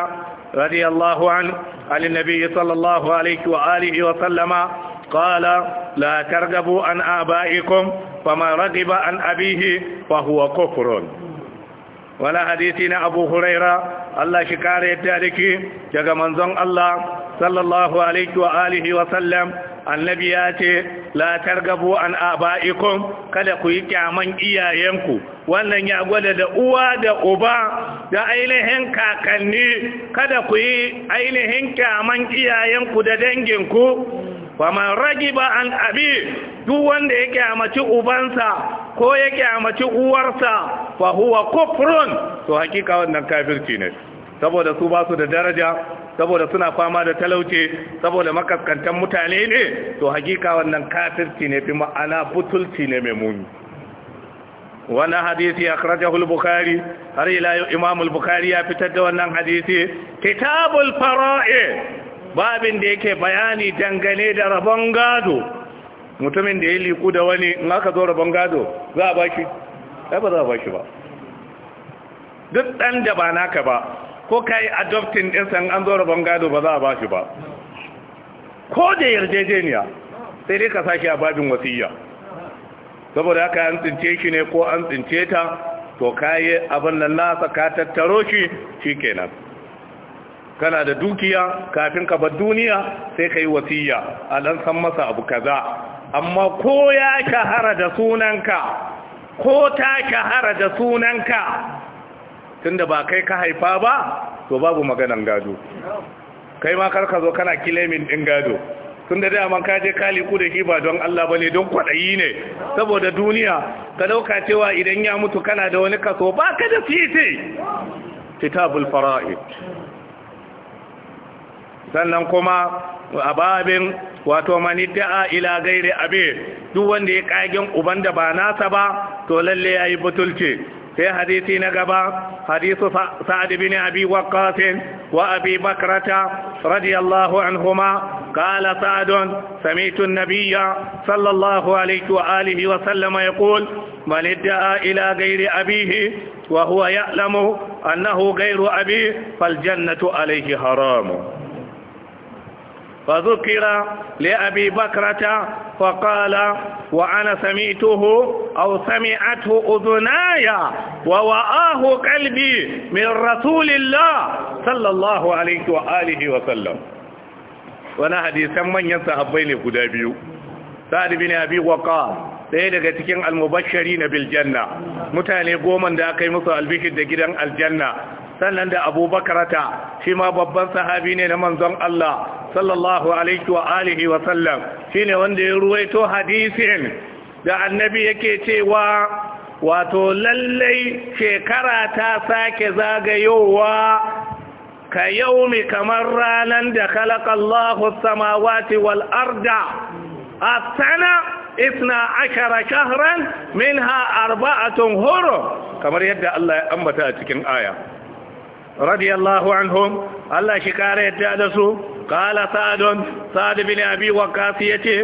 radiyallahu an alin nabi sallallahu alaihi wa alihi wa sallama qala la targabu an abaikum fama ragiba an abihi fa huwa kufrun wala hadisi na abu huraira Allah shi kare yadda dake daga manzon Allah sallallahu alaihi wa alihi wa sallam annabi ya ce la targabu an aba'ikum kada ku yi kyaman iyayenku wannan ya gwada da uwa da uba da ainihin kakanni kada ku yi ainihin kyaman iyayenku da danginku man ragiba an abi duk wanda ya kyamaci ubansa ko ya kyamaci uwarsa fa huwa kufrun to hakika wannan kafirci ne saboda su ba su da daraja saboda suna fama da talauce saboda makaskantan mutane ne to hakika wannan kafirci ne fi ma'ana butulci ne mai muni wannan hadisi akhrajahu al-bukhari har ila imam al-bukhari ya fitar da wannan hadisi kitabul fara'i babin da yake bayani dangane da rabon gado mutumin da ya liku da wani in aka zo rabon gado za a baki ai ba za a baki ba duk dan da ba naka ba ko ka yi adoptin ɗinsa an zo rabon gado ba za a ba shi ba ko da yarjejeniya sai dai ka sashi a babin wasiyya saboda haka an tsince shi ne ko an tsince ta to ka yi abin nan nasa ka tattaro shi shi kenan kana da dukiya kafin ka bar duniya sai ka yi wasiyya a ɗan san masa abu kaza amma ko ya shahara da sunanka ko ta shahara da sunanka tunda ba kai ka haifa ba to babu maganan gado kai ma kar ka zo kana kilemin din gado Tunda da amma ka je kali ku da shi ba don Allah bane don kwaɗayi ne saboda duniya ka dauka cewa idan ya mutu kana da wani kaso ba ka da fiti kitabul fara'id sannan kuma ababin wato wato Da'a, ila Gairi, abe duk wanda ya kagen uban da ba nasa ba to lalle yayi butulce في حديث نقبا حديث سعد بن أبي وقاص وأبي بكرة رضي الله عنهما قال سعد سمعت النبي صلى الله عليه وآله وسلم يقول من ادعى إلى غير أبيه وهو يعلم أنه غير أبيه فالجنة عليه حرام فذكر لأبي بكرة فقال وأنا سمعته أو سمعته أذناي ووآه قلبي من رسول الله صلى الله عليه وآله وسلم وانا حديثا من ينسحبين قدابيو سعد بن أبي وقال ɗaya daga cikin almubashari na biljanna mutane goma da aka yi musu albishir da gidan aljanna sannan da abubakarata shi ma babban sahabi ne na manzon Allah sallallahu alaihi wa alihi wa sallam shine wanda ya ruwaito hadisin da annabi yake cewa wato lallai shekara ta sake zagayowa ka yaumi kamar ranar da khalaqa Allahu samawati wal arda asana اثنا عشر شهرا منها kamar yadda Allah ya الله a cikin آية radiyallahu anhum Allah shi kare yadda da su qala sa'adun sa'ad bin abi waqas yace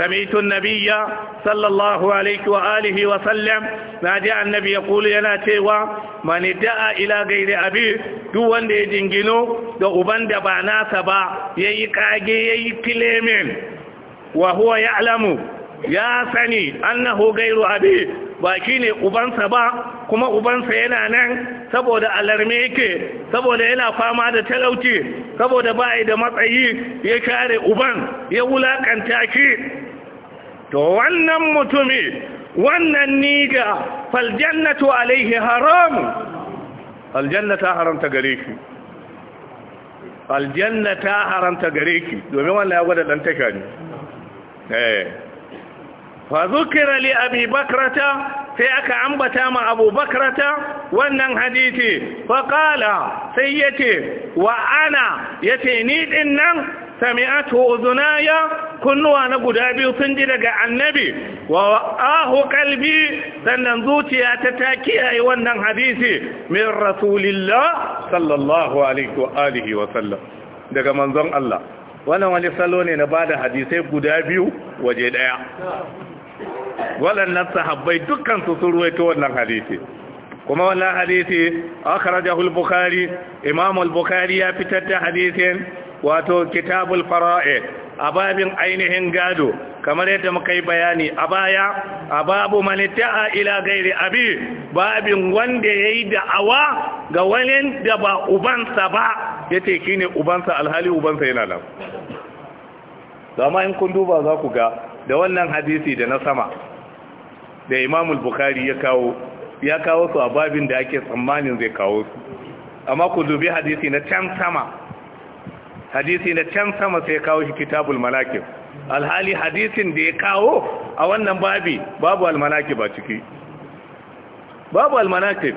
sami'tu an-nabiyya sallallahu alaihi wa wa sallam naji annabi ya yaqulu yana cewa man da'a ila ghairi abi duk wanda ya jingino da uban da ba nasa ba yayi ƙage yayi kilemin wa huwa ya'lamu ya sani annahu gairu abi ba shi ne ubansa ba kuma ubansa yana nan saboda alarme yake saboda yana fama da talauci saboda ba da matsayi ya kare uban ya wulakanta shi to wannan mutumi wannan niga faljannatu alaihi haram aljanna ta haramta gare ki aljanna ta haramta gare ki domin wannan ya gwada dan taka ne eh fa zukira li abi sai aka ambata ma abu wannan hadisi fa sai yace wa'ana yace ni din nan sami'atu uzunaya kunnuwa na guda biyu sun ji daga annabi wa'ahu ahu kalbi sannan zuciya ta ta kiyaye wannan hadisi min rasulillah sallallahu alaihi wa wa sallam daga manzon Allah wannan wani salo ne na bada hadisai guda biyu waje ɗaya. waɗannan sahabbai dukkan su sun ruwaito wannan hadisi kuma wannan hadisi akhrajahu al-bukhari imam al-bukhari ya fitar da hadisin wato kitabul fara'id ababin ainihin gado kamar yadda muka yi bayani a baya ababu man ta'a ila ghairi abi babin wanda yayi da'awa ga wani da ba ubansa ba yace kine ubansa alhali ubansa yana nan amma in kun duba za ku ga da wannan hadisi da na sama da imamul bukhari ya kawo ya kawo su a babin da ake tsammanin zai kawo su amma ku dubi hadisi na can sama hadisi na can sama sai ya kawo shi kitabul malakib alhali hadisin da ya kawo a wannan babi babu almanaki ba ciki babu almanaki,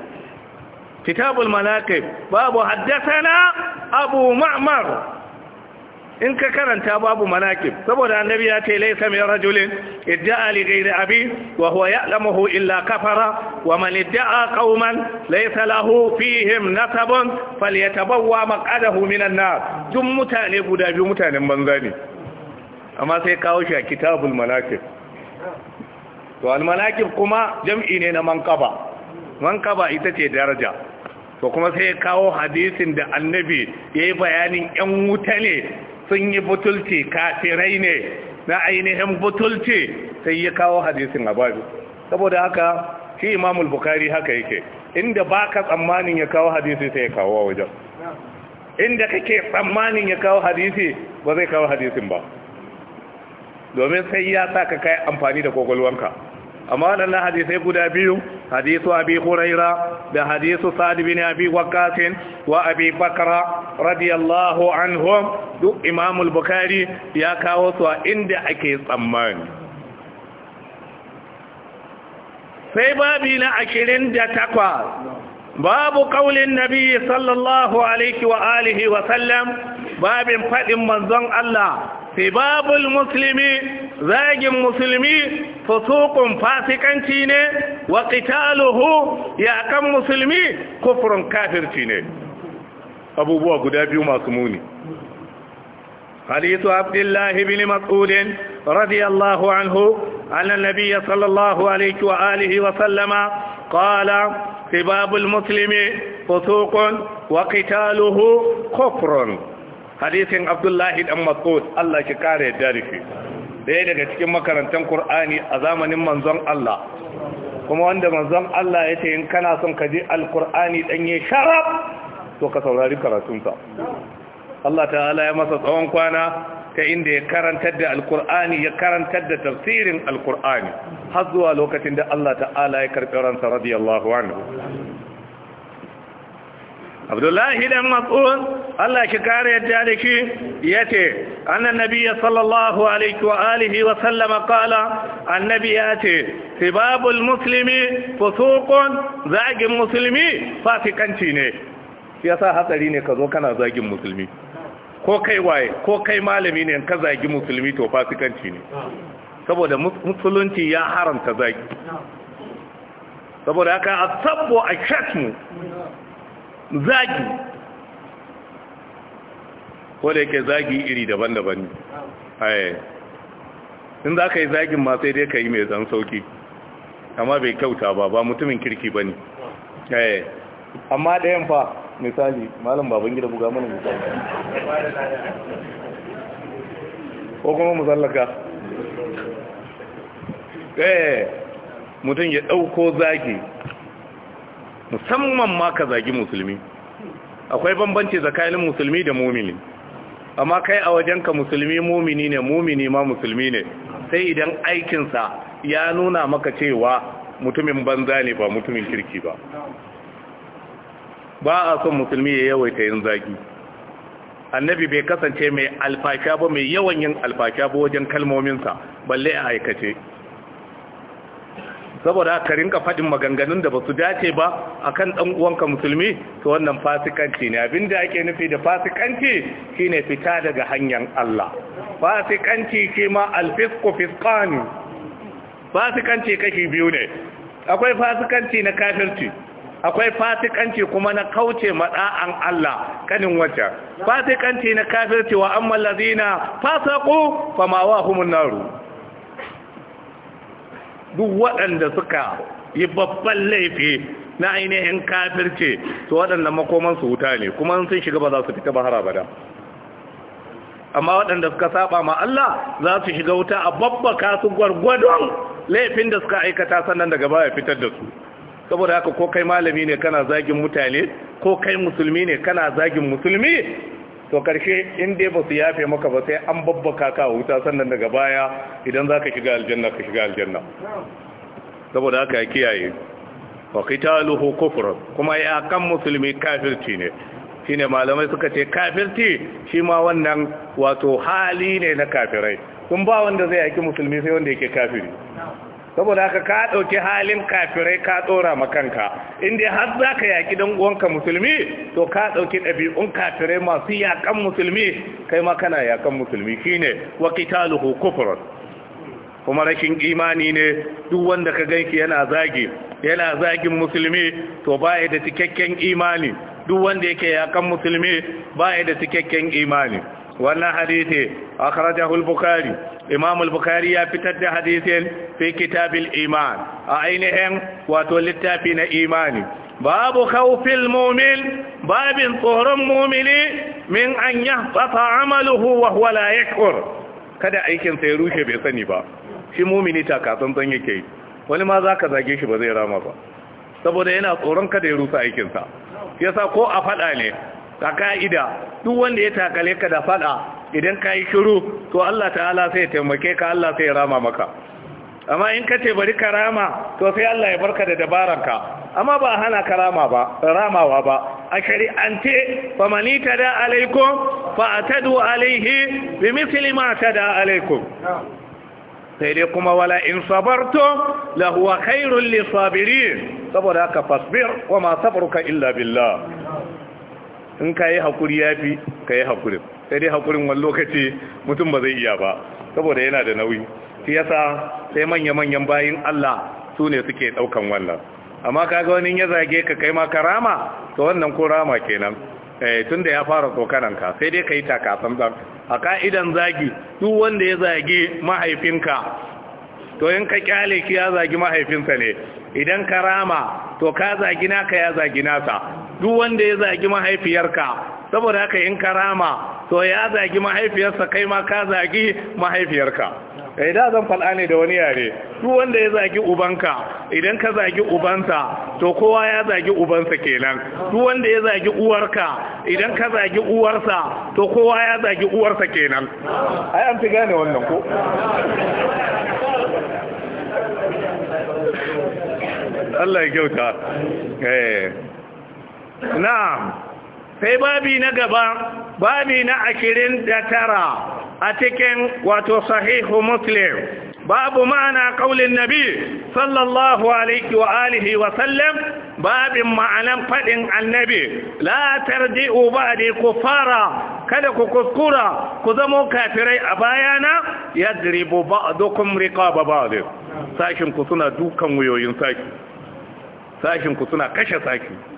kitabul malakib babu haddathana abu ma'mar in ka karanta babu manaqib saboda annabi ya ce laysa min rajulin idda'a li ghairi abi wa huwa ya'lamuhu illa kafara wa man idda'a qauman laysa lahu fihim nasabun falyatabawwa maq'adahu minan nar duk mutane guda biyu mutanen banza ne amma sai kawo shi a kitabul manaqib to al manaqib kuma jam'i ne na manqaba manqaba ita ce daraja to kuma sai kawo hadisin da annabi yayi bayanin yan wuta ne sun yi butulci kafirai ne na ainihin butulci sai ya kawo hadisin a babu saboda haka shi imamul bukari haka yake inda ba ka tsammanin ya kawo hadisi sai ya kawo wajen inda kake tsammanin ya kawo hadisi ba zai kawo hadisin ba domin sai ya sa ka kai amfani da gogolwanka. amma waɗannan hadisai guda biyu hadisu abi huraira da hadisu sa'ad bin abi waqqas wa abi bakra radiyallahu anhum duk imam al-bukhari ya kawo su a inda ake tsammani sai babi na 28 babu qaulin nabi sallallahu alaihi wa alihi wa sallam babin fadin manzon Allah sibabul muslimi zagin musulmi fusuqun fasikanci ne wa qitaluhu yakan musulmi kufrun kafirci ne abubuwa guda biyu masu muni حديث عبد الله بن مسعود رضي الله عنه أن النبي صلى الله عليه وآله وسلم قال سباب المسلم فسوق وقتاله كفر hadisin abdullahi dan mas'ud Allah ki kare da rufe daya daga cikin makarantar qur'ani a zamanin manzon Allah kuma wanda manzon Allah ya ce in kana son ka ji alqur'ani danye sharaf to ka saurari karatunsa Allah ta'ala ya masa tsawon kwana ta inda ya karantar da alkur'ani ya karantar da tafsirin alkur'ani har zuwa lokacin da Allah ta'ala ya karbi ransa radiyallahu anhu abdullahi dan mas'ud Allah ki kare yadda da ki yace annan nabiyyi sallallahu alaihi wa alihi wa sallama qala annabi yace sibabul muslimi fusuqun zagin muslimi fasikanci ne yasa hatsari ne ka zo kana zagin musulmi ko kai waye ko kai malami ne ka zagi musulmi to fasikanci ne saboda musulunci ya haramta zagi saboda haka asabbu ashatmu zagi ko da yake zagi iri daban-daban ne aye in za ka yi zagin ma sai dai ka yi mai zan sauki amma bai kyauta ba ba mutumin kirki ba ne aye amma ɗayan fa misali malam baban gida buga mana misali ko kuma musallaka eh mutum ya ɗauko zagi musamman ma ka zagi musulmi akwai bambanci tsakanin musulmi da mumini amma kai a wajenka musulmi mumini ne mumini ma musulmi ne sai idan aikinsa ya nuna maka cewa mutumin banza ne ba mutumin kirki ba ba a son musulmi ya yawaita yin zagi annabi bai kasance mai alfasha mai yawan yin alfasha ba wajen kalmominsa balle a aikace saboda ka rinka faɗin maganganun da ba su dace ba a kan ɗan'uwanka musulmi to wannan fasikanci ne abin da ake nufi da fasikanci shine fita daga hanyar Allah fasikanci ke ma alfisku fiskani fasikanci kashi biyu ne akwai fasikanci na kafirci akwai fasikanci kuma na kauce maɗa’an Allah kanin wacce fasikanci na kafirci wa amma lazina Fasaku fama wa humun naru duk waɗanda suka yi babban laifi na ainihin kafirce su waɗanda makomansu wuta ne kuma sun shiga ba za su fita ba da amma waɗanda suka saba ma Allah za su shiga wuta a babbaka su gwargwadon laifin da suka aikata sannan daga baya fitar da su saboda haka ko kai malami ne kana zagin mutane ko kai musulmi ne kana zagin musulmi to karshe in dai ba su yafe maka ba sai an babbaka ka wuta sannan daga baya idan za ka shiga aljanna ka shiga aljanna saboda haka ya kiyaye wa qitaluhu kufr kuma ya kan musulmi kafirci ne shine malamai suka ce kafirci shi ma wannan wato hali ne na kafirai kun ba wanda zai yaki musulmi sai wanda yake kafiri saboda haka ka ɗauki halin kafirai ka tsora makanka inda har za ka dan uwanka musulmi to ka ɗauki ɗabi'un kafirai masu yakan musulmi kai ma kana yaƙan musulmi shine wa qitaluhu kufrun kuma rashin imani ne duk wanda ka ganki yana zagi yana zagin musulmi to baya da cikakken imani duk wanda yake yakan musulmi baya da cikakken imani wannan hadisi akhrajahu al-bukhari imam al-bukhari ya fitar da hadisin fi kitabil iman a ainihin wato littafi na imani babu khawfil mu'min babin tsoron mu'mini min an yahbata amaluhu wa huwa la yakur kada aikin sa ya rushe bai sani ba shi mu'mini takatsantsan yake yi wani ma zaka zage shi ba zai rama ba saboda yana tsoron kada ya rusa aikin sa yasa ko a fada ne a ka'ida duk wanda ya takale ka da fada idan ka yi shiru to Allah ta'ala sai taimake ka Allah sai rama maka amma in ka ce bari ka rama to sai Allah ya barka da dabaranka amma ba hana ka rama ba ramawa ba a shari'ance fa ta da alaikum fa atadu alaihi bi misli ma tada alaikum sai dai kuma wala in sabarto la huwa khairul lisabirin saboda ka fasbir wa ma sabruka illa billah in ka yi haƙuri ya fi ka yi haƙurin sai dai haƙurin wani lokaci mutum ba zai iya ba saboda yana da nauyi shi yasa sai manya-manyan bayin Allah su ne suke ɗaukan wannan amma kaga wani ya zage ka kai ma karama to wannan ko rama kenan eh tunda ya fara tsokanan ka sai dai ka yi takasan ɗan a ka'idan zagi duk wanda ya zage mahaifinka to in ka kyale ki ya zagi mahaifinsa ne idan ka rama to ka zagi naka ya zagi nasa duk wanda ya zagi mahaifiyarka saboda haka in karama to ya zagi mahaifiyarsa kai ma ka zagi mahaifiyarka eh, da zan fal'a ne da wani yare duk wanda ya zagi ubanka idan ka zagi ubansa to kowa ya zagi ubansa kenan duk wanda ya zagi uwarka idan ka zagi uwarsa to kowa ya zagi uwarsa kenan ai an fi gane wannan ko Allah ya kyauta eh na'am sai babi na gaba babi na ashirin da tara a cikin wato sahihu muslim babu ma'ana kaulin nabi sallallahu alaihi wa alihi wa sallam babin ma'anan faɗin annabi la tarji'u ba'di kufara kada ku kuskura ku zamo kafirai a bayana yadribu ba'dukum riqaba ba'd sashin ku suna dukan wayoyin saki. sashin ku suna kashe saki.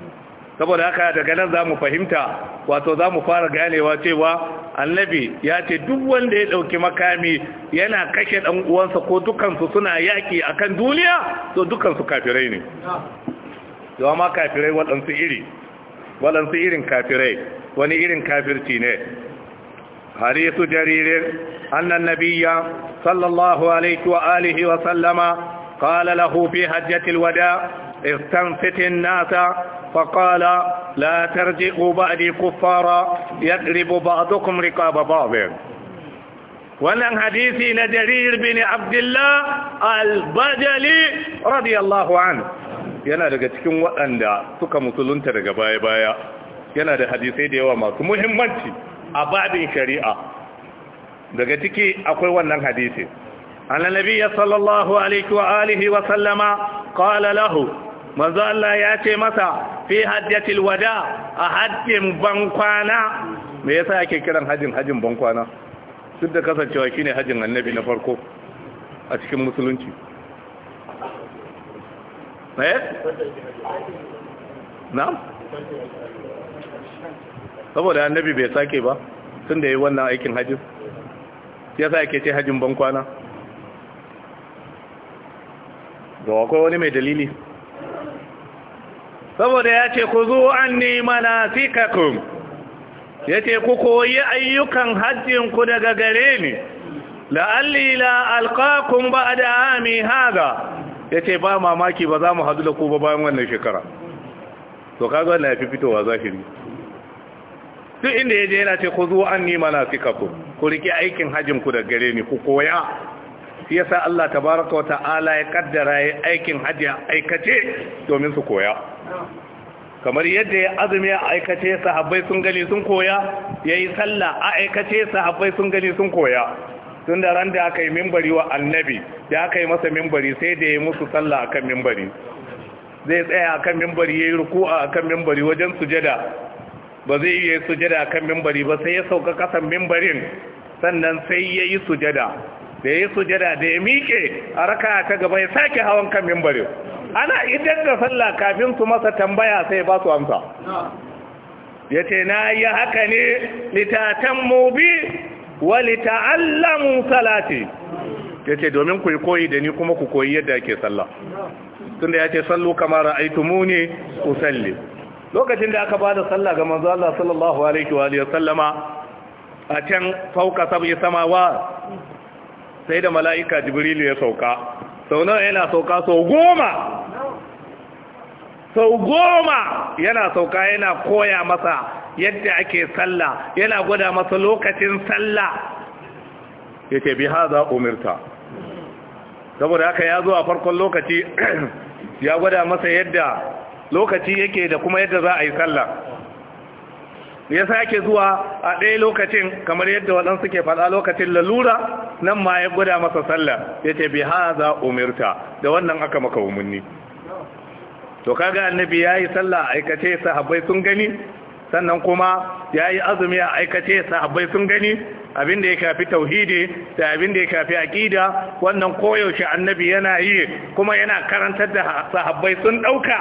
saboda haka daga nan za mu fahimta wato za mu fara ganewa cewa annabi ya ce duk wanda ya ɗauki makami yana kashe ɗan uwansa ko dukansu suna yaƙi a kan duniya to dukansu kafirai ne yawa ma kafirai waɗansu iri waɗansu irin kafirai wani irin kafirci ne حديث جرير أن النبي صلى الله عليه وآله وسلم قال له في حجة الوداع استنفت الناس فقال لا ترجعوا بعدي كفارا يضرب بعضكم رقاب بعض wannan hadisi na jarir bin abdullah al-bajali radiyallahu yana daga cikin waɗanda suka musulunta daga baya-baya yana da hadisai da yawa masu muhimmanci a babin shari'a daga ciki akwai wannan hadisi annabi sallallahu alaihi wa alihi wa sallama qala lahu manzo Allah ya ce masa fi hajjatil wada a hajjin bankwana me yasa ake kiran hajjin hajjin bankwana duk da kasancewa shine hajjin annabi na farko a cikin musulunci eh na'am saboda annabi bai sake ba tun da yi wannan aikin hajjin yasa ake ce hajjin bankwana ga akwai wani mai dalili saboda ya ce ku zo an nema na sikakun ya ce ku koyi ayyukan hajjinku daga gare ni la'alli la alƙakun ba da hami haga ya ce ba mamaki ba za mu hadu da ku ba bayan wannan shekara to zuwa na ya fi fitowa zahiri duk inda ya je yana ce ku zo an nema na sikakun ku riƙe aikin hajjinku daga gare ni ku koya shi sa Allah baraka wa ta'ala ya kaddara aikin hajji aikace domin su koya kamar yadda ya azumi a aikace sahabbai sun gani sun koya ya yi sallah a aikace sahabbai sun gani sun koya tun da ran da aka yi mimbari wa annabi da aka yi masa mimbari sai da ya yi musu sallah a kan mimbari zai tsaya a kan mimbari ya yi ruku'a a kan mimbari wajen sujada ba zai yi sujada a kan mimbari ba sai ya sauka kasan mimbarin sannan sai ya yi sujada da ya yi sujada da ya miƙe a raka ta gaba ya sake hawan kan mimbarin ana idan da sallah kafin su masa tambaya sai ba su amsa ya ce na yi haka ne litatan mubi wa lita'allamu salati ya ce domin ku yi koyi da ni kuma ku koyi yadda ake sallah tunda ya ce sallu kamar ra'aitumu ne ku salli lokacin da aka ba da sallah ga manzo Allah sallallahu alaihi wa sallama a can fauka sab'i samawa sai da mala'ika jibrilu ya sauka sau nawa yana sauka sau goma sau goma yana sauka yana koya masa yadda ake sallah yana gwada masa lokacin sallah yake biya haza umirta saboda haka ya zo a farkon lokaci (clears throat) ya gwada masa yadda lokaci yake da kuma yadda za a yi sallah ya sake zuwa a ɗaya lokacin kamar yadda waɗansu ke faɗa lokacin lalura nan ma ya gwada masa sallah ya ce bi haza umirta da wannan aka maka umarni to kaga annabi yayi sallah aikace sahabbai sun gani sannan kuma yayi azumi a aikace sahabbai sun gani abinda ya kafi tauhidi da abin ya kafi aqida wannan koyaushe annabi yana yi kuma yana karantar da sahabbai sun dauka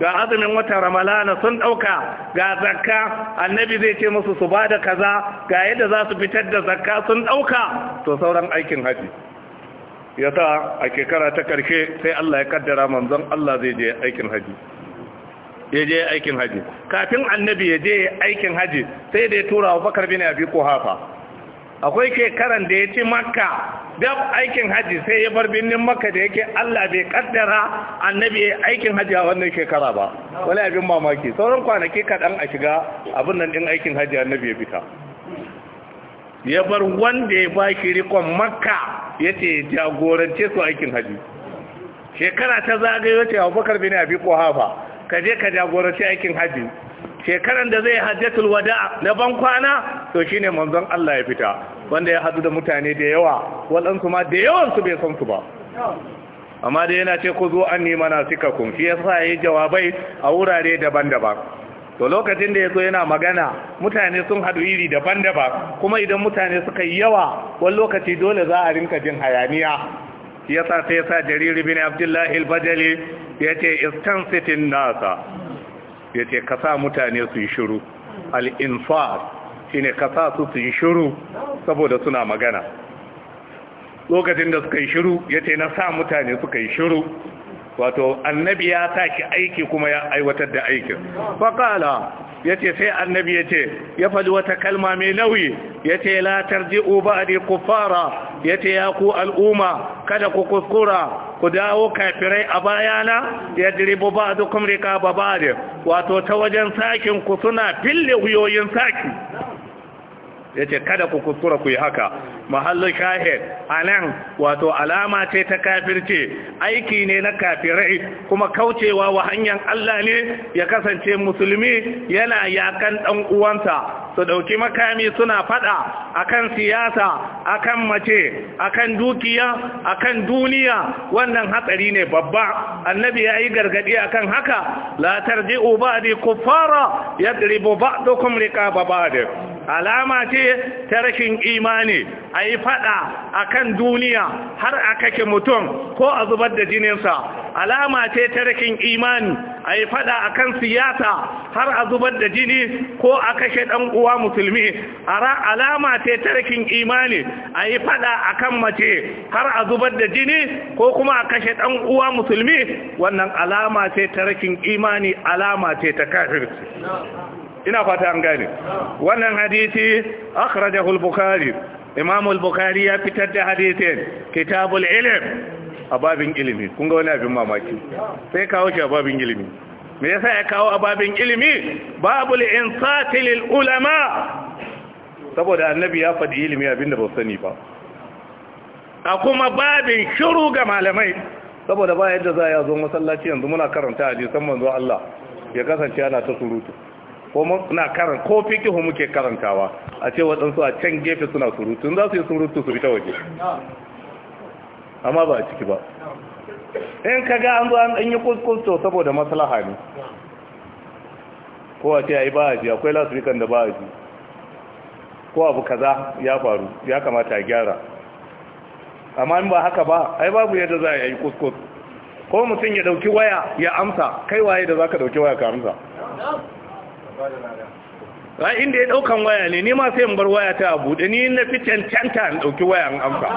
ga azumin wata ramalana sun dauka ga zakka annabi zai ce musu su bada kaza ga yadda za su fitar da zakka sun dauka to sauran aikin haji ya sa a kekara ta karshe sai Allah ya kaddara manzon Allah zai je aikin haji ya je aikin haji kafin annabi ya je aikin haji sai da ya tura wa bakar bin abi hafa. akwai kekaran da ya ci makka dab aikin haji sai ya bar birnin makka da yake Allah bai kaddara annabi ya aikin haji a wannan shekara ba wani abin mamaki sauran kwanaki kaɗan a shiga abin nan ɗin aikin haji annabi ya fita ya bar wanda ya ba shi rikon makka ya ce jagorance su aikin hajji. shekara ta zagayo ce abubakar bin abi kohafa ka je ka jagorance aikin hajji. shekaran da zai hajjatul wada na ban kwana to shine manzon Allah ya fita wanda ya hadu da mutane da yawa waɗansu ma da yawan su bai san su ba amma da yana ce ku zo an nema na sika kun shi yasa yayi jawabai a wurare daban-daban to lokacin da ya zo yana magana mutane sun haɗu iri daban-daban kuma idan mutane suka yi yawa wani lokaci dole za a rinka jin hayaniya ya sa sai ya sa jarir bin abdullahi albajali ya ce istansitin nasa ya ce ka sa mutane su yi shiru al shi ne ka sa su su yi shiru saboda suna magana lokacin da suka yi shiru ya ce na sa mutane suka yi shiru wato annabi ya saki aiki kuma ya aiwatar da aikin faqala yace sai annabi yace ya fadi wata kalma mai nauyi yace la tarji'u ba'di kuffara yace ya ku al'umma kada ku kuskura ku dawo kafirai a bayana yadribu ba'dukum rikaba ba'd wato ta wajen sakin ku suna fille huyoyin saki ya ce kada ku kuskura ku yi haka mahallin shahid a nan wato alama ce ta kafirce aiki ne na kafirai kuma kaucewa wa hanyar Allah ne ya kasance musulmi yana yakan ɗan uwansa su ɗauki makami suna faɗa akan siyasa akan mace akan dukiya akan duniya wannan hatsari ne babba annabi ya yi gargaɗi akan haka la tarji'u ba, kuffara yadribu ba'dukum alama ce ta rashin imani a yi fada a kan duniya har a kake mutum ko a zubar da jininsa alama ce ta rashin imani a yi fada a kan siyasa har a zubar da jini ko a kashe ɗan uwa musulmi alama ce ta rashin imani a yi fada a kan mace har a zubar da jini ko kuma a kashe ɗan uwa musulmi wannan alama ce ta rashin imani alama ce ta kafirci ina fata an gane wannan hadisi akhrajahu al-bukhari imam al-bukhari ya fitar da hadisin kitabul ilm a babin ilimi kun ga wani abin mamaki sai kawo shi a babin ilimi me yasa ya kawo a babin ilimi babul insati lil ulama saboda annabi ya faɗi ilimi abinda ba sani ba a kuma babin shiru ga malamai saboda ba yadda za a zo masallaci yanzu muna karanta hadisan manzo Allah ya kasance ana ta surutu ko na karan ko fikihu muke karantawa a ce waɗansu a can gefe suna surutu za su yi surutu su fita waje amma ba a ciki ba in ka ga an zo an yi kuskusto saboda maslaha ne ko a ce a yi ba a ji akwai lasurikan da ba a ji ko abu kaza ya faru ya kamata a gyara amma in ba haka ba ai babu yadda za a yi kuskus ko mutum ya ɗauki waya ya amsa kai waye da za ka ɗauki waya ka amsa ba inda ya daukan waya ne ni ma sai in bar waya ta a buɗe ni na fi cancanta in ɗauki waya an amsa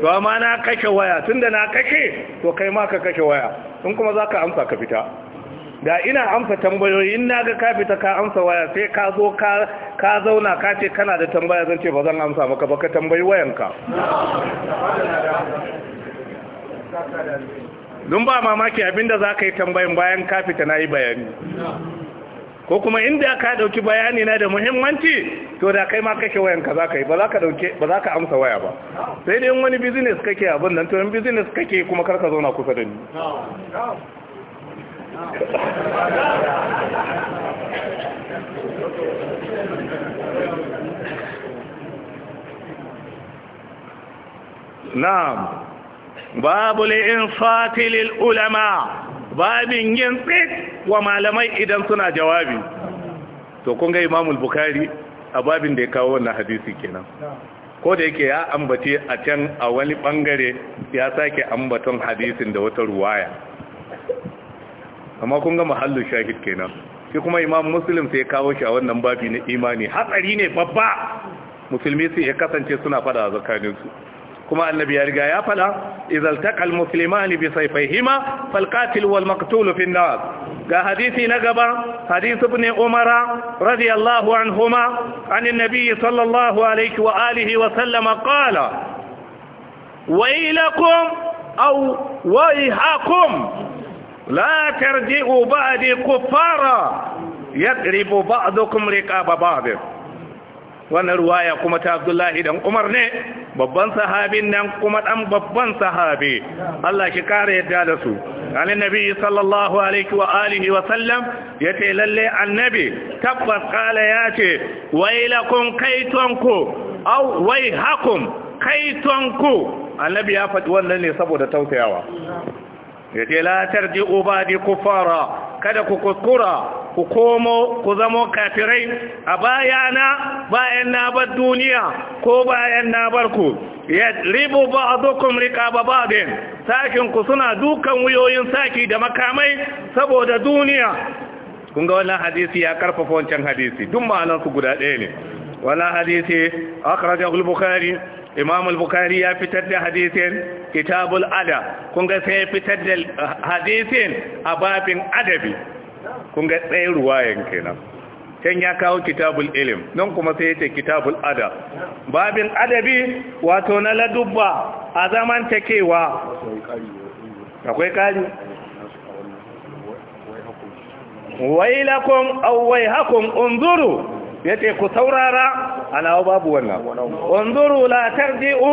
to amma na kashe waya tunda na kashe to kai ma ka kashe waya in kuma za ka amsa ka fita da ina amsa tambayoyi in naga ka fita ka amsa waya sai ka zo ka zauna ka ce kana da tambaya zan ce ba zan amsa maka ba ka tambayi wayanka don ba mamaki abinda za ka yi tambayin bayan ka fita na yi bayani ko kuma inda ka dauki bayani na da muhimmanci to da kai ma kake wayanka za ka yi ba za ka dauke ba za amsa waya ba sai dai wani business kake abin nan to in business kake kuma karka zauna kusa da ni na'am babu li'insati fatilil ulama babin yin tsit wa malamai idan suna jawabi to kun ga imamul bukari a babin da ya kawo wannan hadisi kenan ko da yake ya ambace a can a wani bangare ya sake ambaton hadisin da wata ruwaya amma kun ga mahallu shahid kenan shi kuma imam muslim sai ya kawo shi a wannan babi na imani hatsari ne babba musulmi sai ya kasance suna fada a zakaninsu كما النبي يرجع يا فلا إذا التقى المسلمان بصيفهما فالقاتل والمقتول في النار حديث نقبة حديث ابن عمر رضي الله عنهما عن النبي صلى الله عليه وآله وسلم قال ويلكم أو ويهاكم لا ترجعوا بعد كفارا يضرب بعضكم رقاب بعض وأن رواية قمت عبد الله إذا أمرني babban sahabin nan kuma dan babban sahabi Allah ki kare yadda da su Ali Nabi sallallahu alaihi wa alihi wa sallam yace lalle annabi tabbas kala yace wailakum kaitonku au waihakum kaitonku annabi ya faɗi wannan ne saboda tausayawa yace la tarji'u ba'di kufara kada ku kuskura ku komo ku zamo kafirai a bayana bayan na bar duniya ko bayan na bar ku rika ba ba ba'din sakin ku suna dukan wuyoyin saki da makamai saboda duniya kun ga wannan hadisi ya karfafa wancan hadisi duk ma'anar su guda ɗaya ne wannan hadisi akhrajahu al-bukhari imam al-bukhari ya fitar da hadisin kitabul ada kun ga sai ya fitar da hadisin a babin adabi kun ga tsaye ruwayan kenan can ya kawo kitabul ilim nan kuma sai ya ce kitabul adab babin adabi wato na ladubba a zaman takewa akwai kari wai lakon auwai hakun unzuru ya ce ku saurara alawa babu wannan unzuru la tarji'u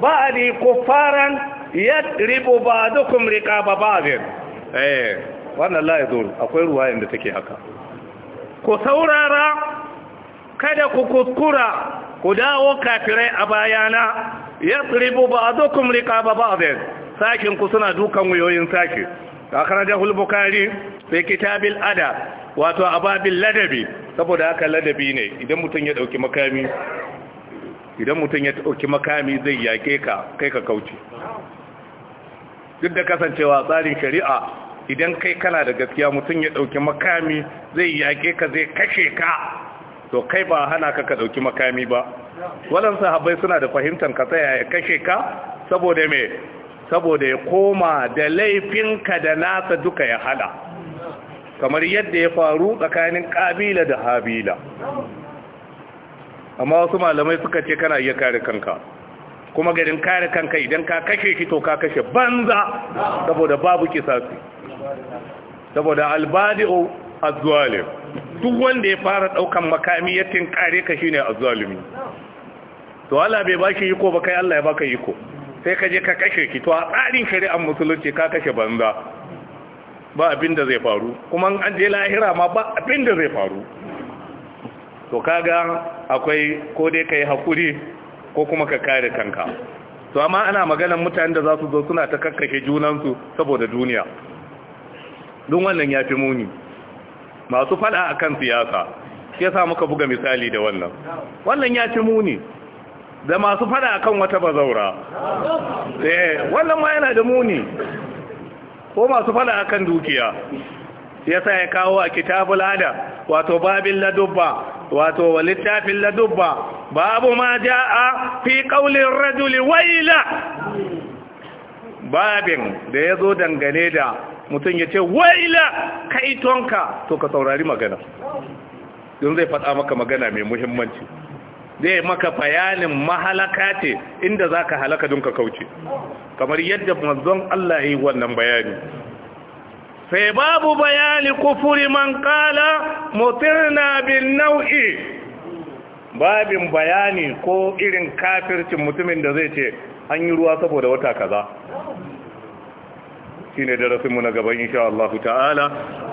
ba'adi kufaran yadribu ba'dukum riqaba ba'din eh wannan la ya zuru akwai ruwayan da take haka ku saurara kada ku kuskura ku dawo kafirai a bayana ya tsiribu ba a zo kuma rika ba ba a zai sakin ku suna dukan wuyoyin sake a kanajar kari sai kitabil ada wato ababin ladabi saboda haka ladabi ne idan mutum ya dauki makami idan mutum ya dauki makami zai yake ka kai ka kauce duk da kasancewa tsarin shari'a idan kai kana da gaskiya mutum ya ɗauki makami zai yaƙe ka zai kashe ka to kai ba hana ka ka ɗauki makami ba wannan sahabbai suna da fahimtar ka tsaya ya kashe ka saboda me saboda ya koma da laifin ka da nasa duka ya hada kamar yadda ya faru tsakanin kabila da habila amma wasu malamai suka ce kana iya kare kanka kuma garin kare kanka idan ka kashe shi to ka kashe banza saboda babu kisasi saboda albadi'u azzalim duk wanda ya fara daukan makami ya tinkare ka shine azzalimi to Allah bai baki yiko ba kai Allah ya baka yiko sai ka je ka kashe ki to a tsarin shari'ar musulunci ka kashe banza ba abin zai faru kuma an je lahira ma ba abin zai faru to kaga akwai ko dai kai hakuri ko kuma ka kare kanka to amma ana maganar mutanen da za su zo suna ta kakkashe junansu saboda duniya don wannan ya fi muni masu fada a kan siyasa ya sa muka buga misali da wannan wannan ya fi muni da masu fada a kan wata bazaura eh, wannan ma yana da muni ko masu fada a kan dukiya ya sa ya kawo a kitabul ada wato babin ladubba wato littafin ladubba babu ma ja'a fi kaulin rajuli waila babin da ya zo dangane da mutum ya ce waila kaitonka to ka saurari magana don zai faɗa maka magana mai muhimmanci zai maka bayanin mahalaka ce inda za ka halaka don ka kauce kamar yadda manzon Allah ya yi wannan bayani sai babu bayani kufuri man kala na bin nau'i babin bayani ko irin kafircin mutumin da zai ce an yi ruwa saboda wata kaza shine darasinmu na gaban insha Allah ta'ala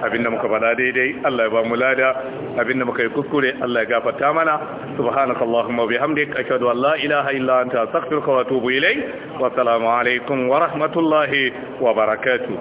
abinda muka faɗa daidai Allah ya ba mu lada abinda muka yi kuskure Allah ya gafarta mana subhanakallahumma bihamdik ashhadu an la ilaha illa anta astaghfiruka wa atubu ilayk wa assalamu alaikum wa rahmatullahi wa barakatuh